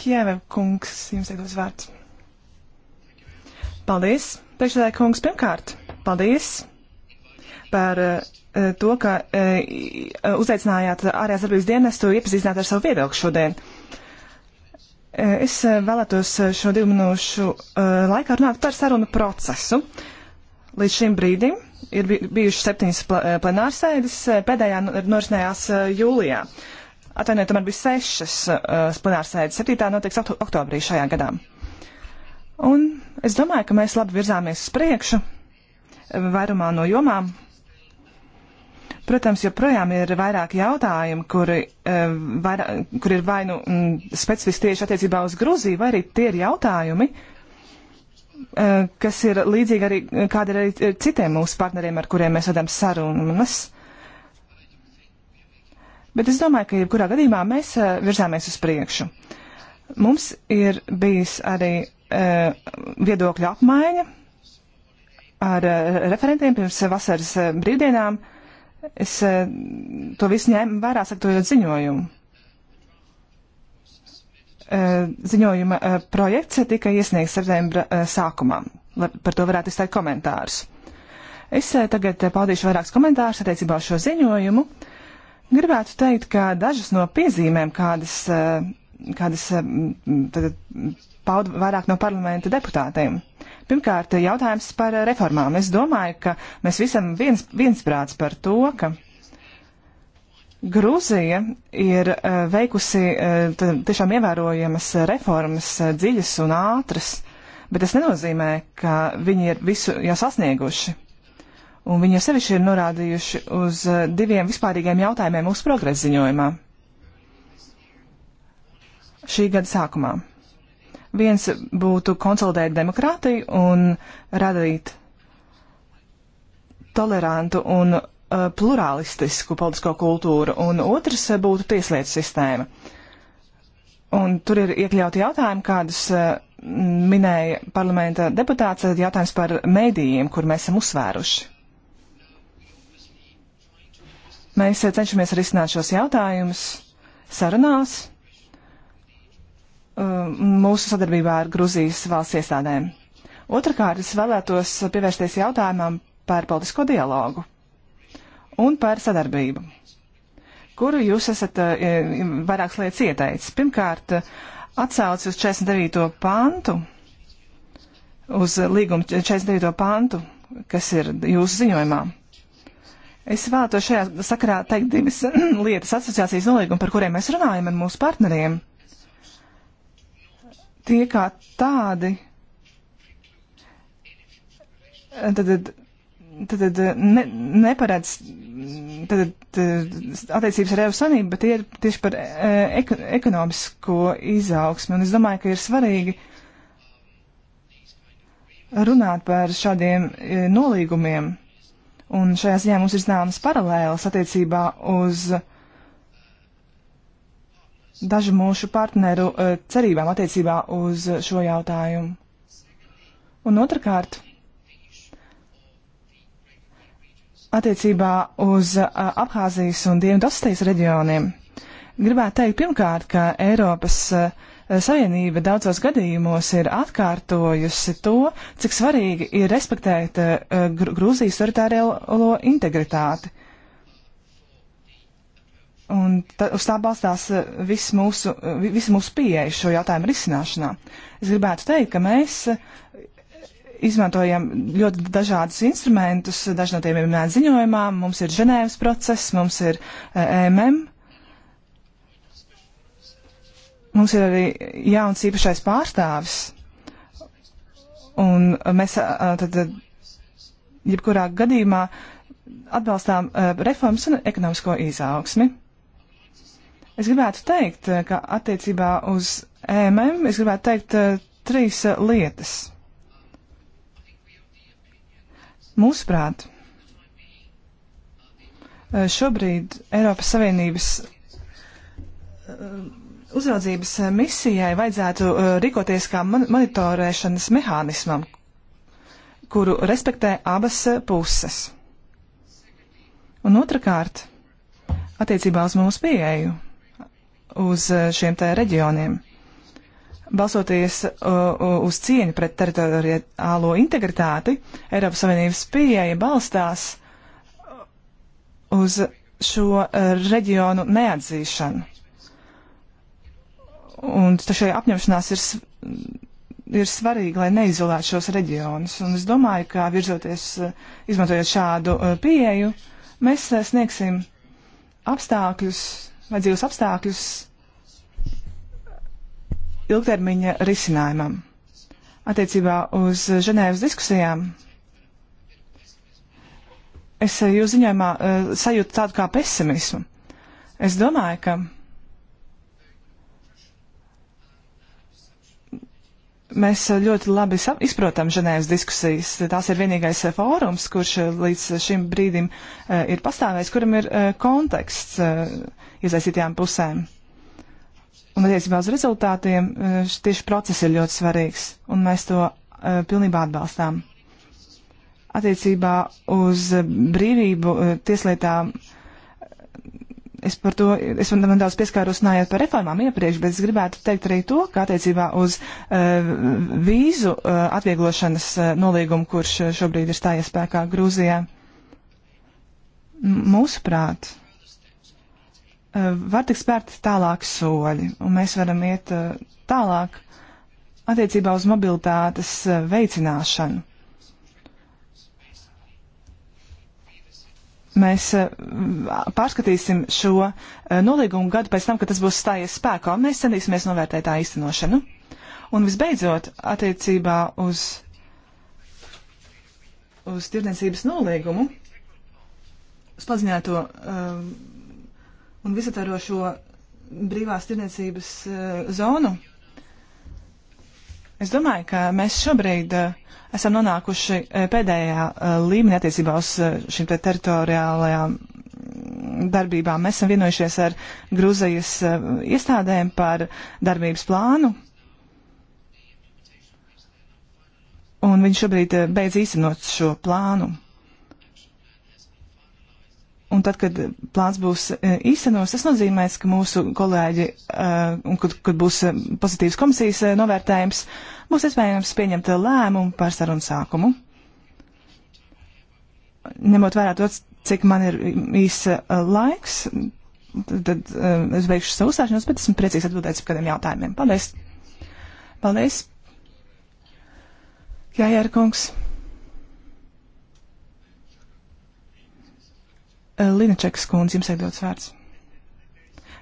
Kieva kungs, jums ir dos vārds. Paldies, priekšsēdētāj kungs, pirmkārt, paldies par uh, Eh, to, ka eh, uzaicinājāt ārējās darbības dienestu iepazīstināt ar savu viedokli šodien. Eh, es vēlētos šo divu minūšu laikā runāt par sarunu procesu. Līdz šim brīdim ir bijušas septiņas plenārsēdes, pēdējā norisinājās jūlijā. Atvainojiet, tomēr bija sešas plenārsēdes, septītā notiks oktobrī šajā gadā. Un es domāju, ka mēs labi virzāmies uz priekšu vairumā no jomām, Protams, joprojām ir vairāk jautājumu, kuri, eh, vairāk, kur ir vai nu mm, specifiski tieši attiecībā uz Gruziju, vai arī tie ir jautājumi, eh, kas ir līdzīgi arī kāda ir arī citiem mūsu partneriem, ar kuriem mēs vedam sarunas. Bet es domāju, ka jebkurā gadījumā mēs eh, virzāmies uz priekšu. Mums ir bijis arī viedokļu apmaiņa ar referentiem pirms vasaras brīvdienām. Uh, Es eh, to visu ņēmu vērā, sagatavojot ziņojumu. Eh, ziņojuma eh, projekts tika iesniegts septembra sākumā, lai par to varētu izteikt komentārus. Es tagad paudīšu vairākus komentārus attiecībā uz šo ziņojumu. Gribētu teikt, ka dažas no piezīmēm, kādas, kādas tad, pauda vairāk no parlamenta deputātiem. Pirmkārt, jautājums par reformām. Es domāju, ka mēs visam viens, viensprāts par to, ka Grūzija ir uh, veikusi uh, tiešām ievērojamas reformas, uh, dziļas un ātras, bet tas nenozīmē, ka viņi ir visu jau sasnieguši. Un viņi jau sevišķi ir norādījuši uz uh, diviem vispārīgiem jautājumiem mūsu progresa ziņojumā. Šī gada sākumā. Viens būtu konsolidēt demokrātiju un radīt tolerantu un uh, plurālistisku politisko kultūru, un otrs uh, būtu tieslietu sistēma. Un tur ir iekļauti jautājumi, kādus uh, minēja parlamenta deputāts, jautājums par mēdījiem, kur mēs esam uzsvēruši. Mēs uh, cenšamies risināt šos jautājumus sarunās Um, mūsu sadarbībā ar Gruzijas valsts iestādēm. Otrakārt, es vēlētos pievērsties jautājumam par politisko dialogu un par sadarbību, kuru jūs esat uh, vairākas lietas ieteicis. Pirmkārt, atsauci uz 49. pantu, uz līgumu 49. pantu, kas ir jūsu ziņojumā. Es vēlētos šajā sakarā teikt divas <clears throat> lietas asociācijas nolīguma, par kuriem mēs runājam ar mūsu partneriem tie kā tādi. Tad, tad, tad ne, neparedz tad, attiecības ar Eiropas Savienību, bet tie ir tieši par e, ek, ekonomisko izaugsmi. Un es domāju, ka ir svarīgi runāt par šādiem e, nolīgumiem. Un šajā ziņā mums ir zināmas paralēlas attiecībā uz uh, dažu mūsu partneru eh, cerībām attiecībā uz šo jautājumu. Un otrkārt, attiecībā uz eh, Abhāzijas un Dienvidostejas reģioniem. Gribētu teikt pirmkārt, ka Eiropas eh, Savienība daudzos gadījumos ir atkārtojusi to, cik svarīgi ir respektēt Grūzijas teritoriālo integritāti. Un tā, uz tā balstās eh, viss mūsu, eh, viss mūsu pieeja šo jautājumu risināšanā. Es gribētu teikt, ka mēs eh, izmantojam ļoti dažādus instrumentus, daži no tiem ir minēti ziņojumā, mums ir Ženēvas process, mums ir EMM, e mums ir arī jauns īpašais pārstāvis. Un mēs tad, jebkurā gadījumā, atbalstām reformas un ekonomisko izaugsmi. Es gribētu teikt, eh, ka attiecībā uz EMM es gribētu teikt eh, trīs eh, lietas. Mūsuprāt, šobrīd Eiropas Savienības uzraudzības misijai vajadzētu rīkoties kā monitorēšanas mehānismam, kuru respektē abas puses. Un otrkārt, attiecībā uz mūsu pieeju uz eh, šiem te reģioniem. Balsoties eh, uz cieņu pret teritoriālo integritāti, Eiropas Savienības pieeja balstās uz šo eh, reģionu neatzīšanu. Un šī apņemšanās ir, ir svarīga, lai neizolētu šos reģionus. Un es domāju, ka virzoties, izmantojot šādu pieeju, mēs sniegsim apstākļus vajadzīgos apstākļus ilgtermiņa risinājumam. Attiecībā uz Ženēvas diskusijām es eh, jūsu ziņojumā eh, sajūtu tādu kā pesimismu. Es domāju, ka Mēs eh, ļoti labi izprotam Ženēvas diskusijas. Tās ir vienīgais eh, fórums, kurš eh, līdz šim brīdim ir pastāvējis, kuram ir konteksts iesaistītajām pusēm. Un attiecībā uz rezultātiem tieši process ir ļoti svarīgs, un mēs to pilnībā atbalstām. Attiecībā uz brīvību tieslietām Es par to, es man nedaudz pieskāros runājot par reformām iepriekš, bet es gribētu teikt arī to, ka attiecībā uz uh, vīzu uh, atvieglošanas uh, nolīgumu, kurš uh, šobrīd ir stājies spēkā Grūzijā, mūsuprāt, uh, var tik spērti tālāk soļi, un mēs varam iet uh, tālāk attiecībā uz mobilitātes uh, veicināšanu. mēs eh, pārskatīsim šo eh, nolīgumu gadu pēc tam, kad tas būs stājies spēkā, un mēs centīsimies novērtēt tā īstenošanu. Un visbeidzot, attiecībā uz, uz tirdzniecības nolīgumu, uz paziņēto um, eh, un visatarošo brīvās tirdzniecības uh, zonu, Es domāju, ka mēs šobrīd eh, esam nonākuši eh, pēdējā eh, līmenī attiecībā uz šīm te teritoriālajām darbībām. Mēs esam vienojušies ar Gruzijas iestādēm par darbības plānu. Un viņi šobrīd beidz īstenot šo plānu. Un tad, kad plāns būs e, īstenos, tas nozīmēs, ka mūsu kolēģi, e, un kad, kad būs e, pozitīvs komisijas novērtējums, būs iespējams pieņemt lēmumu par sarunu sākumu. Ņemot vērā to, cik man ir īsa laiks, tad, tad es beigšu savu uzstāšanos, bet esmu priecīgs atbildēt uz kādiem jautājumiem. Paldies! Paldies! Jā, Jērkungs! Jā, Eh, Linačekas kundze, jums ir dots vārds.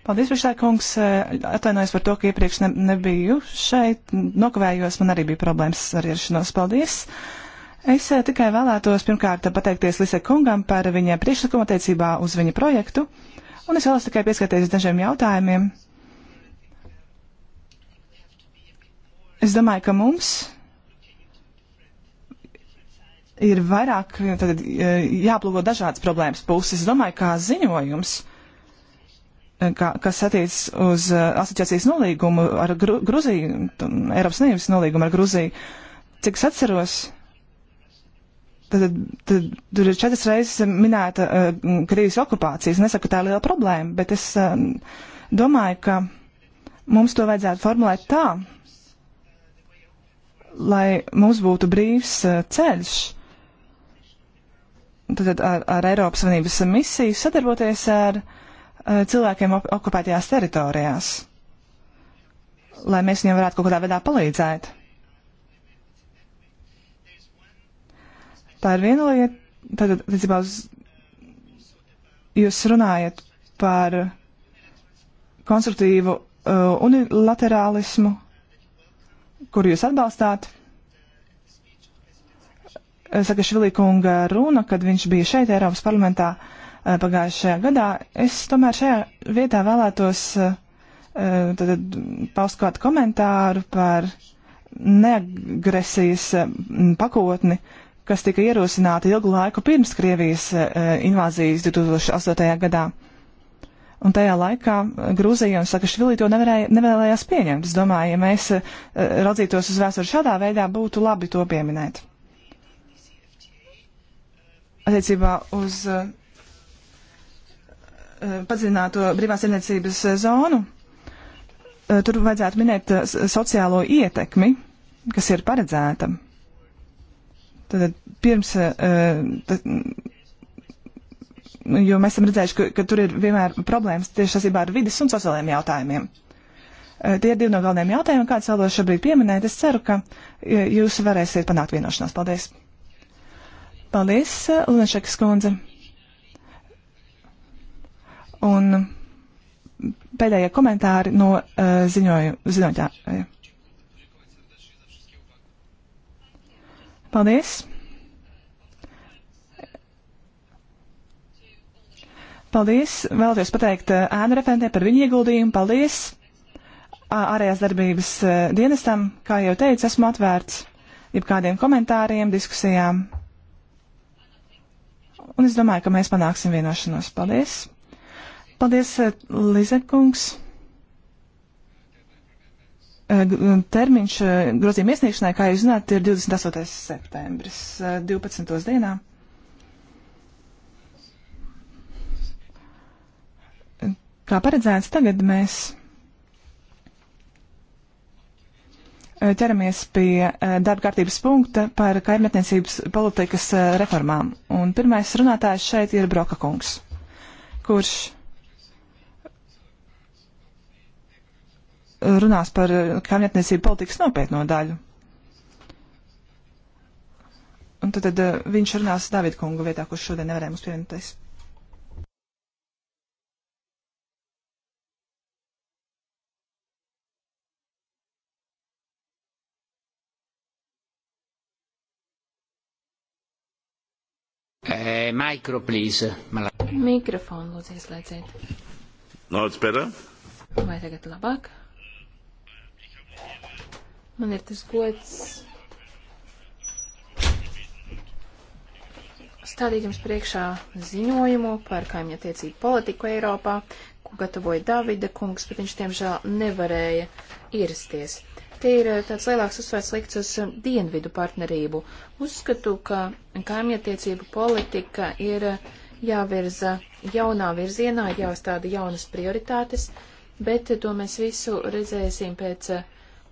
Paldies, priekšsēkungs. Eh, atvainojos par to, ka iepriekš ne, nebiju šeit. Nokavējos, man arī bija problēmas ar ierašanos. Paldies! Es eh, tikai vēlētos pirmkārt pateikties Lise kungam par viņa priekšlikumu attiecībā uz viņa projektu, un es vēlos tikai pieskarties dažiem jautājumiem. Es domāju, ka mums ir vairāk tad, e, jāplūko dažādas problēmas puses. Es domāju, kā ziņojums, e, kā, kas attiecas uz e, asociācijas nolīgumu ar Gru Gruziju, Eiropas Savienības nolīgumu ar Gruziju, cik es atceros, tad, tad tur ir četras reizes minēta uh, Krievijas okupācijas. Nesaku, ka tā ir liela problēma, bet es uh, domāju, ka mums to vajadzētu formulēt tā, lai mums būtu brīvs uh, ceļš tad, ar, ar Eiropas Savienības misiju sadarboties ar uh, cilvēkiem op okupētajās teritorijās, lai mēs viņiem varētu kaut kādā veidā palīdzēt. Tā ir viena lieta, tad, redzībā, uz, jūs runājat par konstruktīvu uh, unilaterālismu, kuru jūs atbalstāt. Sakašvili kunga runa, kad viņš bija šeit Eiropas parlamentā eh, pagājušajā gadā, es tomēr šajā vietā vēlētos eh, tad, paust kādu komentāru par neagresijas eh, pakotni, kas tika ierosināta ilgu laiku pirms Krievijas invāzijas 2008. gadā. Un tajā laikā Grūzija un Sakašvili to nevarēja, nevēlējās pieņemt. Es domāju, ja mēs raudzītos uz vēsturi šādā veidā, būtu labi to pieminēt attiecībā uz uh, eh, eh, padzināto brīvās tirdzniecības eh, zonu, uh, tur vajadzētu minēt uh, sociālo ietekmi, kas ir paredzēta. Tad pirms, tad, mm, jo mēs esam redzējuši, ka, ka tur ir vienmēr problēmas tieši saistībā ar vidas un sociālajiem jautājumiem. Tie ir divi no galvenajiem jautājumiem, kāds vēlos šobrīd pieminēt. Es ceru, ka jūs varēsiet panākt vienošanās. Paldies! Paldies, Lunačekas kundze. Un pēdējie komentāri no uh, ziņoju, ziņotāja. Paldies! Paldies! Vēlties pateikt uh, ēnu referentiem par viņu ieguldījumu. Paldies! Ārējās darbības uh, dienestam, kā jau teicu, esmu atvērts jebkādiem komentāriem, diskusijām un es domāju, ka mēs panāksim vienošanos. Paldies! Paldies, eh, Lizekungs! Eh, termiņš eh, grozījuma iesniegšanai, kā jūs zināt, ir 28. septembris 12. dienā. Kā paredzēts, tagad mēs Eh, ķeramies pie eh, darba kārtības punkta par kaimiņattiecības politikas eh, reformām. Un pirmais runātājs šeit ir Broka kungs, kurš runās par kaimiņattiecību politikas nopietno daļu. Un tad, tad viņš runās Davidu kungu vietā, kurš šodien nevarēja mums pievienoties. E, micro, please. Mikrofonu lūdzu ieslēdziet. Nāc, Pēter. Vai tagad labāk? Man ir tas gods stādīt jums priekšā ziņojumu par kaimiņattiecību politiku Eiropā, ko gatavoja Davida kungs, bet viņš tiemžēl nevarēja ierasties noteikti ir eh, tāds lielāks uzsvērts likts uz eh, dienvidu partnerību. Uzskatu, ka kaimietiecību politika ir eh, jāvirza jaunā virzienā, jāuzstāda jaunas prioritātes, bet to mēs visu redzēsim pēc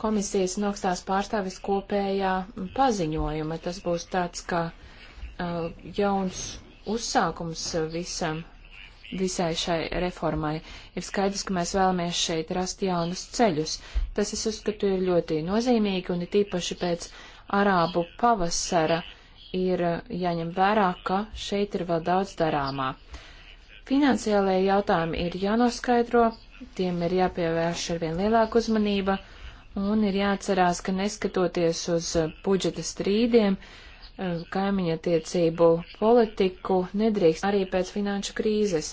komisijas un augstās pārstāvis kopējā paziņojuma. Tas būs tāds kā uh, jauns uzsākums visam visai šai reformai. Ir skaidrs, ka mēs vēlamies šeit rast jaunus ceļus. Tas, es uzskatu, ir ļoti nozīmīgi un it īpaši pēc arābu pavasara ir jāņem vērā, ka šeit ir vēl daudz darāmā. Finansiālajie jautājumi ir jānoskaidro, tiem ir jāpievērš arvien lielāka uzmanība un ir jāatcerās, ka neskatoties uz budžeta strīdiem, uh, Eh, kaimiņa tiecību politiku nedrīkst arī pēc finanšu krīzes.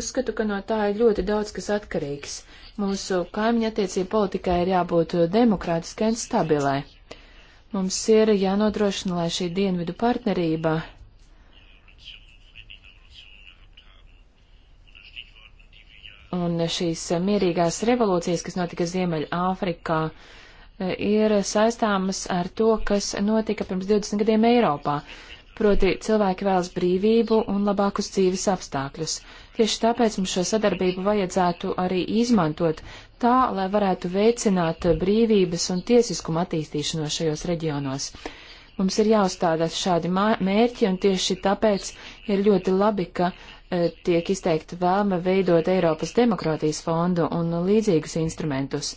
Uzskatu, ka no tā ir ļoti daudz kas atkarīgs. Mūsu kaimiņa attiecību politikai ir jābūt demokrātiskai un stabilai. Mums ir jānodrošina, lai šī dienvidu partnerība un šīs mierīgās revolūcijas, kas notika Ziemeļa Āfrikā, uh, ir saistāmas ar to, kas notika pirms 20 gadiem Eiropā. Proti cilvēki vēlas brīvību un labākus dzīves apstākļus. Tieši tāpēc mums šo sadarbību vajadzētu arī izmantot tā, lai varētu veicināt brīvības un tiesiskuma attīstīšanos šajos reģionos. Mums ir jāuzstāda šādi mērķi, un tieši tāpēc ir ļoti labi, ka uh, tiek izteikta vēlme veidot Eiropas demokrātijas fondu un līdzīgus instrumentus.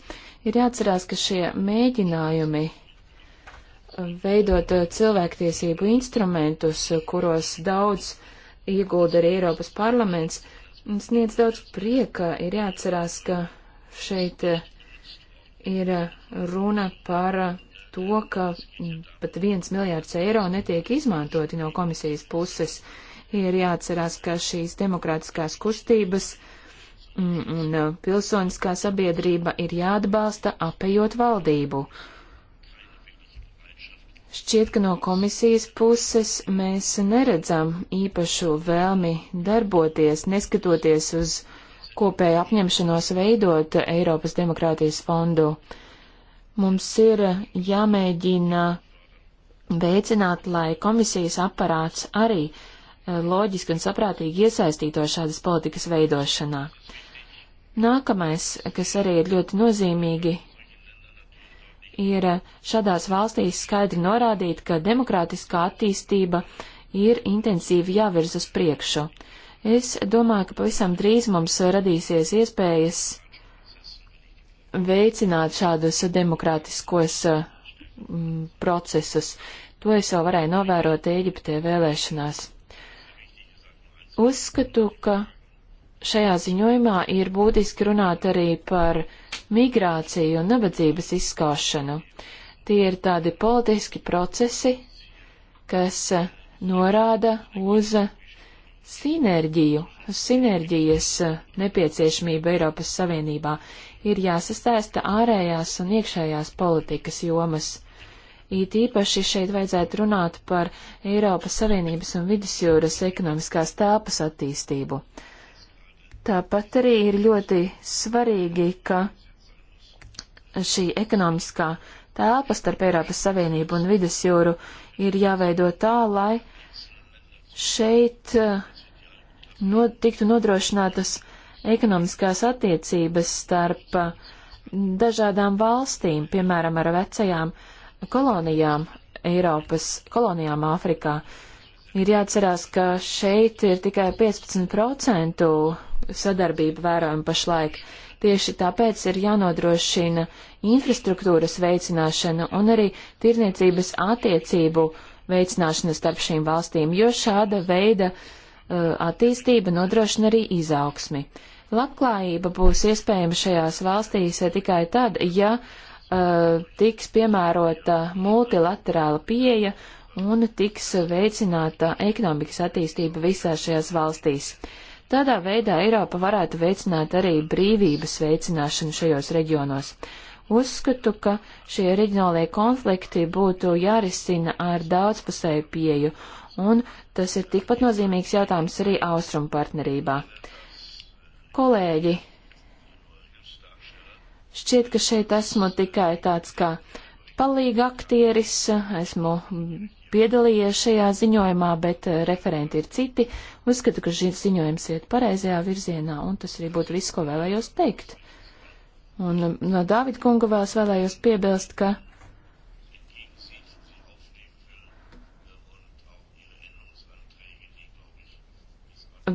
Ir jāatcerās, ka šie mēģinājumi veidot cilvēktiesību instrumentus, kuros daudz iegūda arī Eiropas parlaments, sniedz daudz prieka. Ir jāatcerās, ka šeit ir runa par to, ka pat viens miljārds eiro netiek izmantoti no komisijas puses ir jāatcerās, ka šīs demokrātiskās kustības un uh, pilsoniskā sabiedrība ir jāatbalsta apējot valdību. Šķiet, ka no komisijas puses mēs neredzam īpašu vēlmi darboties, neskatoties uz kopēju apņemšanos veidot Eiropas demokrātijas fondu. Mums ir jāmēģina veicināt, lai komisijas aparāts arī uh, Eh, loģiski un saprātīgi iesaistītos šādas politikas veidošanā. Nākamais, kas arī ir ļoti nozīmīgi, ir eh, šādās valstīs skaidri norādīt, ka demokrātiskā attīstība ir intensīvi jāvirz uz priekšu. Es domāju, ka pavisam drīz mums radīsies iespējas veicināt šādus demokrātiskos eh, m, procesus. To es jau varēju novērot Eģiptē vēlēšanās. Uzskatu, ka šajā ziņojumā ir būtiski runāt arī par migrāciju un nabadzības izskaušanu. Tie ir tādi politiski procesi, kas norāda uz sinerģiju, uz sinerģijas nepieciešamību Eiropas Savienībā. Ir jāsastāsta ārējās un iekšējās politikas jomas. It īpaši šeit vajadzētu runāt par Eiropas Savienības un vidusjūras ekonomiskās tāpas attīstību. Tāpat arī ir ļoti svarīgi, ka šī ekonomiskā telpa starp Eiropas Savienību un vidusjūru ir jāveido tā, lai šeit eh, no, tiktu nodrošinātas ekonomiskās attiecības starp eh, dažādām valstīm, piemēram, ar vecajām uh, kolonijām Eiropas, kolonijām Āfrikā. Ir jāatcerās, ka šeit ir tikai 15% sadarbība vērojama pašlaik. Tieši tāpēc ir jānodrošina infrastruktūras veicināšana un arī tirniecības attiecību veicināšana starp šīm valstīm, jo šāda veida uh, attīstība nodrošina arī izaugsmi. Labklājība būs iespējama šajās valstīs tikai tad, ja uh, Uh, tiks piemērota multilaterāla pieeja un tiks veicināta ekonomikas attīstība visās šajās valstīs. Tādā veidā Eiropa varētu veicināt arī brīvības veicināšanu šajos reģionos. Uzskatu, ka šie reģionālie konflikti būtu jārisina ar daudzpusēju pieju, un tas ir tikpat nozīmīgs jautājums arī austrumu partnerībā. Kolēģi, Šķiet, ka šeit esmu tikai tāds kā palīga aktieris, esmu piedalījies šajā ziņojumā, bet eh, referenti ir citi. Uzskatu, ka šis ziņojums iet pareizajā virzienā, un tas arī būtu viss, ko vēlējos teikt. Un um, no Dāvida kunga vēl es vēlējos piebilst, ka.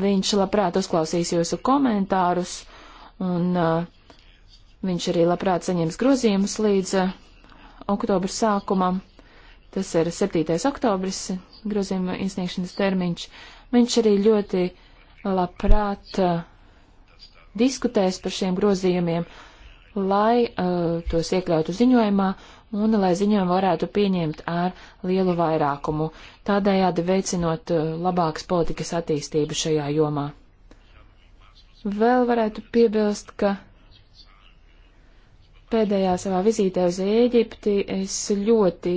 Viņš labprāt uzklausīs jūsu komentārus, un uh, Viņš arī labprāt saņems grozījumus līdz eh, oktobra sākumam. Tas ir 7. oktobris eh, grozījuma iesniegšanas termiņš. Viņš arī ļoti labprāt eh, diskutēs par šiem grozījumiem, lai uh, tos iekļautu ziņojumā un lai ziņojumu varētu pieņemt ar lielu vairākumu, tādējādi veicinot labākas politikas attīstību šajā jomā. Vēl varētu piebilst, ka pēdējā savā vizītē uz Ēģipti es ļoti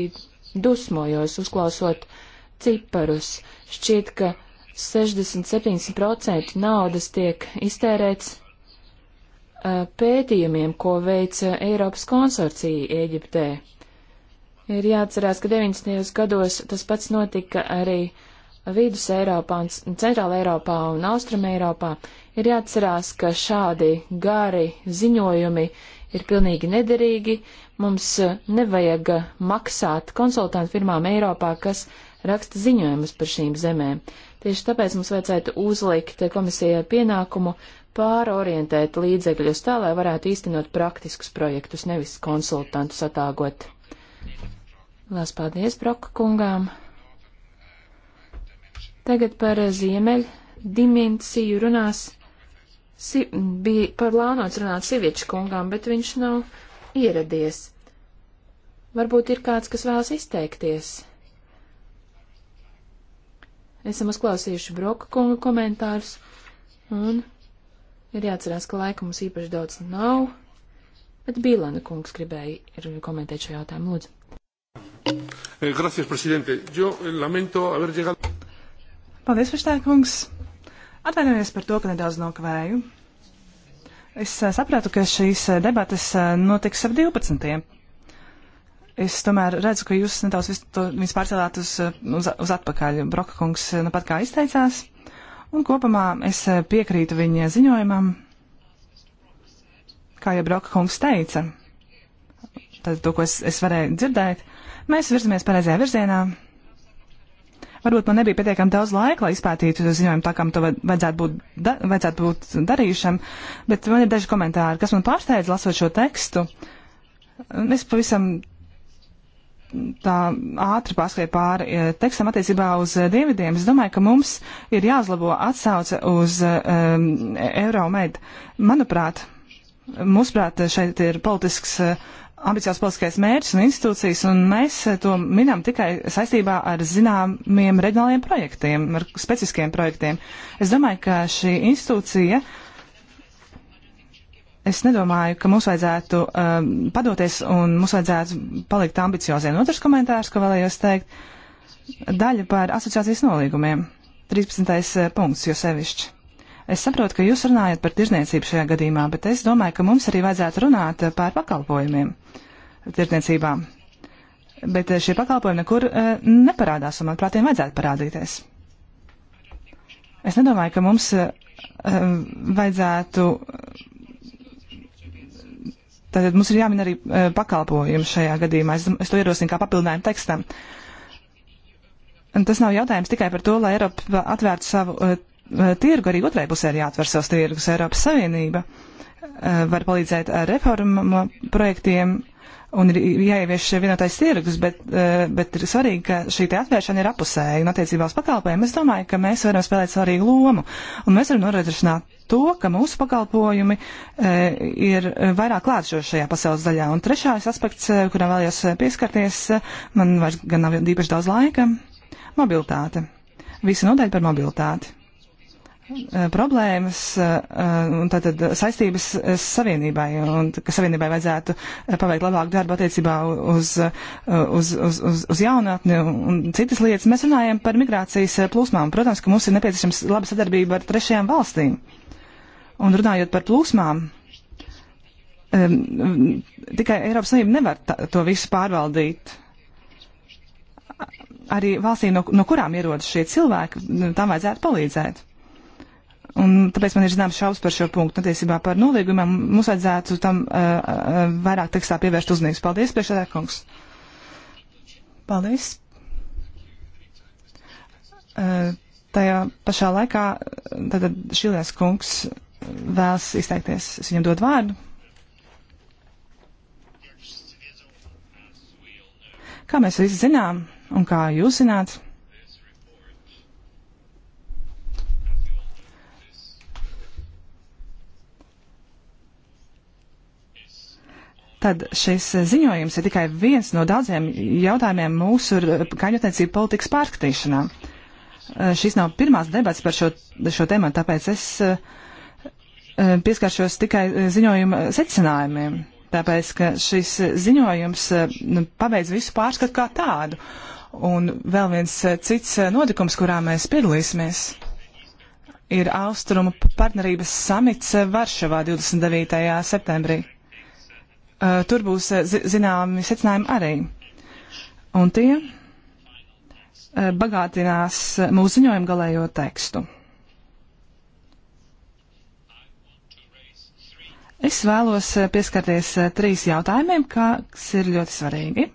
dusmojos uzklausot ciparus. Šķiet, ka 60-70% naudas tiek iztērēts pētījumiem, ko veica Eiropas konsorcija Ēģiptē. Ir jāatcerās, ka 90. gados tas pats notika arī Vidus Eiropā, Centrāla Eiropā un Austrum Eiropā. Ir jāatcerās, ka šādi gari ziņojumi ir pilnīgi nederīgi. Mums e, nevajag e, maksāt konsultantu firmām Eiropā, kas raksta ziņojumus par šīm zemēm. Tieši tāpēc mums vajadzētu uzlikt komisijai pienākumu pārorientēt līdzekļus tā, lai varētu īstenot praktiskus projektus, nevis konsultantus atāgot. Lās paldies Broka kungām. Tagad par ziemeļ dimensiju runās si, bija plānots runāt sieviešu kungām, bet viņš nav ieradies. Varbūt ir kāds, kas vēlas izteikties. Esam uzklausījuši Broka kunga komentārus, un ir jāatcerās, ka laika mums īpaši daudz nav, bet Bīlana kungs gribēja komentēt šo jautājumu. Lūdzu. Eh, gracias, presidente. Yo eh, lamento haber llegado. Paldies, Verstēkungs. Atvainojos par to, ka nedaudz nokavēju. Es eh, sapratu, ka šīs eh, debatas eh, notiks ap 12. Es tomēr redzu, ka jūs nedaudz viņus pārcēlāt uz, uz, uz atpakaļ. Broka kungs nu pat kā izteicās, un kopumā es piekrītu viņa ziņojumam, kā jau Broka kungs teica. Tad to, ko es, es varēju dzirdēt, mēs virzamies pareizajā virzienā. Varbūt man nebija pietiekami daudz laika, lai izpētītu ziņojumu tā, kam to vajadzētu būt, da, vajadzētu būt darījušam, bet man ir daži komentāri, kas man pārsteidz lasot šo tekstu. Es pavisam tā ātri paskrēju pāri e, tekstam attiecībā uz e, dienvidiem. Es domāju, ka mums ir jāuzlabo atsauce uz um, Euromed. Manuprāt, Mūsuprāt, šeit ir politisks uh, ambiciozs politiskais mērķis un institūcijas, un mēs to minam tikai saistībā ar zināmiem reģionāliem projektiem, ar specifiskiem projektiem. Es domāju, ka šī institūcija. Es nedomāju, ka mums vajadzētu um, padoties un mums vajadzētu palikt ambicioziem. Otrs komentārs, ko vēlējos teikt, daļa par asociācijas nolīgumiem. 13. Eh, punkts, jo sevišķi. Es saprotu, ka jūs runājat par tirzniecību šajā gadījumā, bet es domāju, ka mums arī vajadzētu runāt par pakalpojumiem tirzniecībā. Bet šie pakalpojumi nekur eh, neparādās, un manuprāt, tiem vajadzētu parādīties. Es nedomāju, ka mums eh, vajadzētu. Tātad mums ir jāmin arī eh, pakalpojumi šajā gadījumā. Es, es to ierosinu kā papildinājumu tekstam. Un tas nav jautājums tikai par to, lai Eiropa atvērtu savu Eh, tirgu, arī otrai pusē ir jāatver savs tirgus. Eiropas Savienība eh, var palīdzēt ar eh, reformu projektiem un ir jāievieš vienotais tirgus, bet, bet ir svarīgi, ka šī te atvēršana ir apusēja un attiecībā uz pakalpojumiem. Es domāju, ka mēs varam spēlēt svarīgu lomu un mēs varam noredzināt to, ka mūsu pakalpojumi ir vairāk klātšo šajā pasaules daļā. Un trešais aspekts, kuram vēlējos pieskarties, man vairs gan nav īpaši daudz laika - mobilitāte. Visi nodaļa par mobilitāti Eh, problēmas eh, eh, un tātad saistības savienībai, un ka savienībai vajadzētu paveikt labāku darbu attiecībā uz, uz, uz, uz, uz jaunatni un citas lietas. Mēs runājam par migrācijas plūsmām. Protams, ka mums ir nepieciešams laba sadarbība ar trešajām valstīm. Un runājot par plūsmām, um, tikai Eiropas Savienība nevar tā, to visu pārvaldīt arī valstīm, no, no kurām ierodas šie cilvēki, tam vajadzētu palīdzēt. Un tāpēc man ir zināms šaubas par šo punktu. Attiecībā par noliegumiem mums vajadzētu tam uh, uh, vairāk tekstā pievērst uzmanības. Paldies, priekšādā kungs. Paldies. Uh, tajā pašā laikā uh, tātad Šilies kungs vēlas izteikties. Es viņam dodu vārdu. Kā mēs visi zinām, un kā jūs zināt, tad šis ziņojums ir tikai viens no daudziem jautājumiem mūsu kaņotniecību politikas pārskatīšanā. Eh, šis nav pirmās debats par šo, šo tēmu, tāpēc es eh, pieskaršos tikai ziņojuma secinājumiem. Tāpēc, ka šis ziņojums eh, pabeidz visu pārskatu kā tādu. Un vēl viens cits notikums, kurā mēs piedalīsimies ir Austrumu partnerības samits Varšavā 29. septembrī. Eh, tur būs eh, zināmi secinājumi arī. Un tie eh, bagātinās mūsu ziņojumu galējo tekstu. Es vēlos pieskarties trīs jautājumiem, kas ir ļoti svarīgi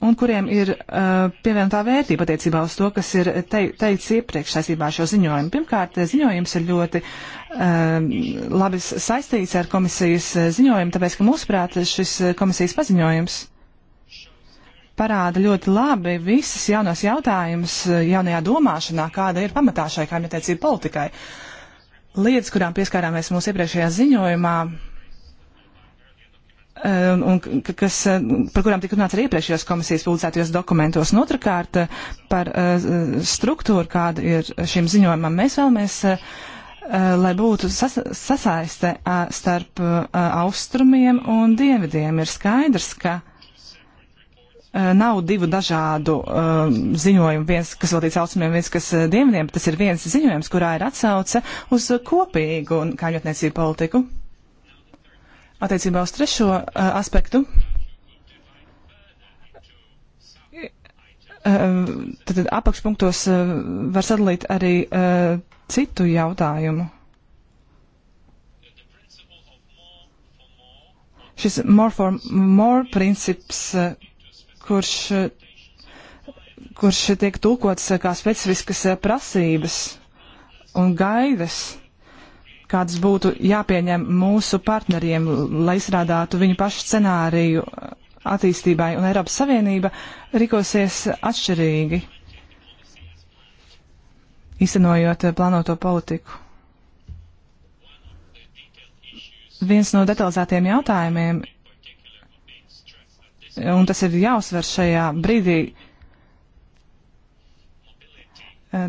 un kuriem ir uh, pievienotā vērtība attiecībā uz to, kas ir te, teikts iepriekš saistībā ar šo ziņojumu. Pirmkārt, ziņojums ir ļoti uh, labi saistīts ar komisijas uh, ziņojumu, tāpēc, ka mūsuprāt šis uh, komisijas paziņojums parāda ļoti labi visas jaunos jautājumus uh, jaunajā domāšanā, kāda ir pamatā šai kaimietiecību politikai. Lietas, kurām pieskārāmies mūsu iepriekšējā ziņojumā, Ehm, un, un kas, eh, par kurām tika runāts arī iepriekšējos komisijas publicētajos dokumentos. Un otrkārt, eh, par eh, struktūru, kāda ir šim ziņojumam, mēs vēlamies, lai būtu sas, sasaiste starp austrumiem un dienvidiem. Ir skaidrs, ka nav divu dažādu uh, ziņojumu, viens, kas veltīts austrumiem, viens, kas dienvidiem, bet tas ir viens ziņojums, kurā ir atsauce uz kopīgu kaņotniecību politiku attiecībā uz trešo uh, aspektu. Uh, tad apakšpunktos uh, var sadalīt arī uh, citu jautājumu. Šis more for more princips, uh, kurš, uh, kurš tiek tulkots uh, kā specifiskas uh, prasības un gaidas. Uh, kādas būtu jāpieņem mūsu partneriem, lai izstrādātu viņu pašu scenāriju attīstībai, un Eiropas Savienība rīkosies atšķirīgi, īstenojot plānoto politiku. Viens no detalizētiem jautājumiem, un tas ir jāuzsver šajā brīdī,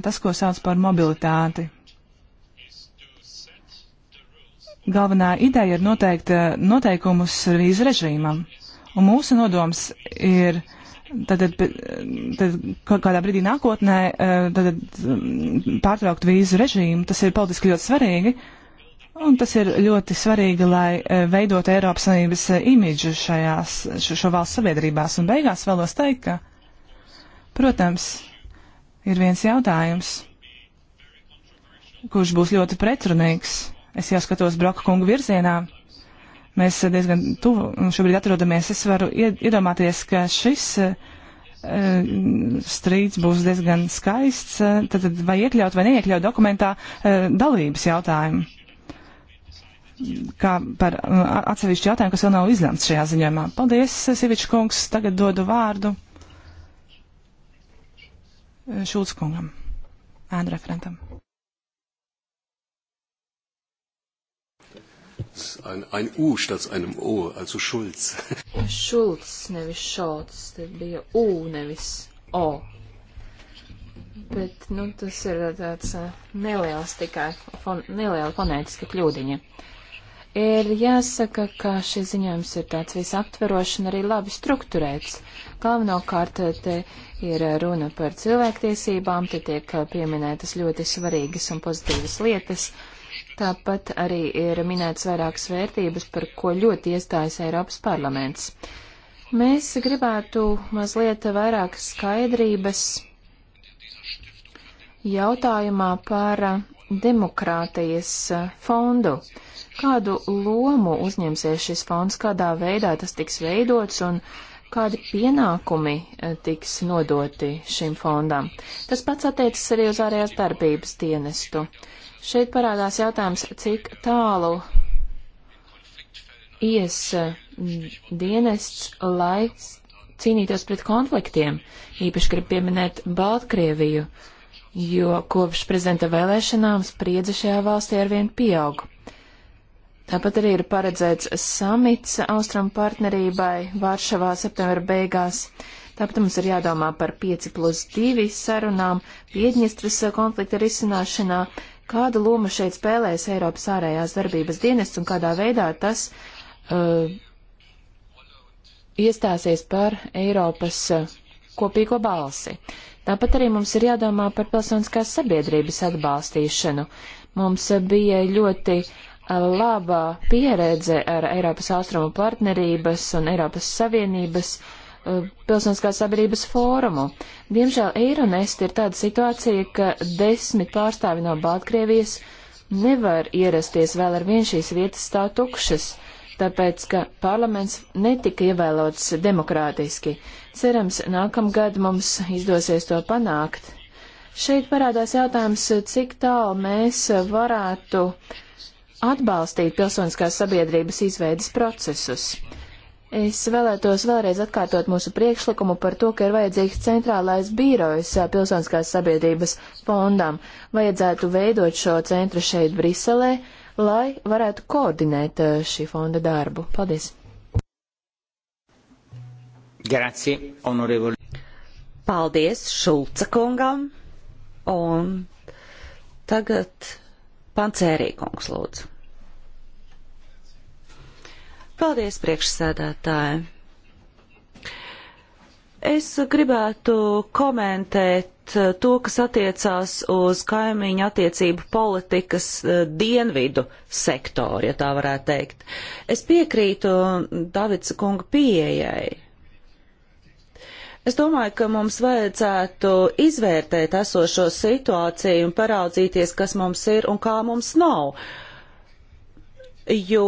tas, ko sauc par mobilitāti. Galvenā ideja ir noteikt eh, noteikumus vīzu režīmam. Un mūsu nodoms ir tad, eh, tad kaut kādā brīdī nākotnē eh, tad, mm, pārtraukt vīzu režīmu. Tas ir politiski ļoti svarīgi. Un tas ir ļoti svarīgi, lai veidot Eiropas Savienības imidžu šajās, šo, šo valstu sabiedrībās. Un beigās vēlos teikt, ka, protams, ir viens jautājums, kurš būs ļoti pretrunīgs Es jau skatos Broka kungu virzienā. Mēs diezgan tuvu šobrīd atrodamies. Es varu iedomāties, ka šis eh, strīds būs diezgan skaists, tad vai iekļaut vai neiekļaut dokumentā eh, dalības jautājumu. Kā par eh, atsevišķu jautājumu, kas vēl nav izlemts šajā ziņojumā. Paldies, Sivičs kungs, tagad dodu vārdu Šulc kungam, ēnu referentam. Ein, ein U statt einem O, also Schulz. Šulcs, nevis Šolts, tad bija U, nevis O. Bet, nu, tas ir tāds eh, neliels tikai, fon, neliela fonētiska kļūdiņa. Ir jāsaka, ka šis ziņojums ir tāds visaptverošs un arī labi strukturēts. Galvenokārt eh, te ir runa par cilvēktiesībām, te tiek eh, pieminētas ļoti svarīgas un pozitīvas lietas Tāpat arī ir minēts vairākas vērtības, par ko ļoti iestājas Eiropas parlaments. Mēs gribētu mazliet vairāk skaidrības jautājumā par demokrātijas fondu. Kādu lomu uzņemsies šis fonds, kādā veidā tas tiks veidots un kādi pienākumi e, tiks nodoti šim fondam? Tas pats attiecas arī uz ārējās darbības dienestu. Šeit parādās jautājums, cik tālu ies mm, dienests, lai cīnītos pret konfliktiem. Īpaši gribu pieminēt Baltkrieviju, jo kopš prezidenta vēlēšanām spriedze šajā valstī arvien pieaug. Tāpat arī ir paredzēts samits Austram partnerībai Vāršavā septembra beigās. Tāpat mums ir jādomā par 5 plus 2 sarunām, Piedņestras konflikta risināšanā, Kādu lomu šeit spēlēs Eiropas ārējās darbības dienas un kādā veidā tas uh, iestāsies par Eiropas uh, kopīgo balsi? Tāpat arī mums ir jādomā par pilsoniskās sabiedrības atbalstīšanu. Mums uh, bija ļoti uh, labā pieredze ar Eiropas austrumu partnerības un Eiropas Savienības uh, Eh, pilsoniskās sabiedrības fórumu. Diemžēl Eironest ir tāda situācija, ka desmit pārstāvi no Baltkrievijas nevar ierasties vēl ar vien šīs vietas stāv tukšas, tāpēc, ka parlaments netika ievēlots demokrātiski. Cerams, nākamgad mums izdosies to panākt. Šeit parādās jautājums, cik tālu mēs varētu atbalstīt pilsoniskās sabiedrības izveidas procesus. Es vēlētos vēlreiz atkārtot mūsu priekšlikumu par to, ka ir vajadzīgs centrālais bīrojas pilsoniskās sabiedrības fondam. Vajadzētu veidot šo centru šeit Briselē, lai varētu koordinēt šī fonda darbu. Paldies! Grazie, honorevoli. Paldies Šulca kungam un tagad Pancērī kungs lūdzu. Paldies, priekšsēdētāji! Es gribētu komentēt eh, to, kas attiecās uz kaimiņu attiecību politikas eh, dienvidu sektoru, ja tā varētu teikt. Es piekrītu Davids kunga pieejai. Es domāju, ka mums vajadzētu izvērtēt esošo situāciju un paraudzīties, kas mums ir un kā mums nav. Jo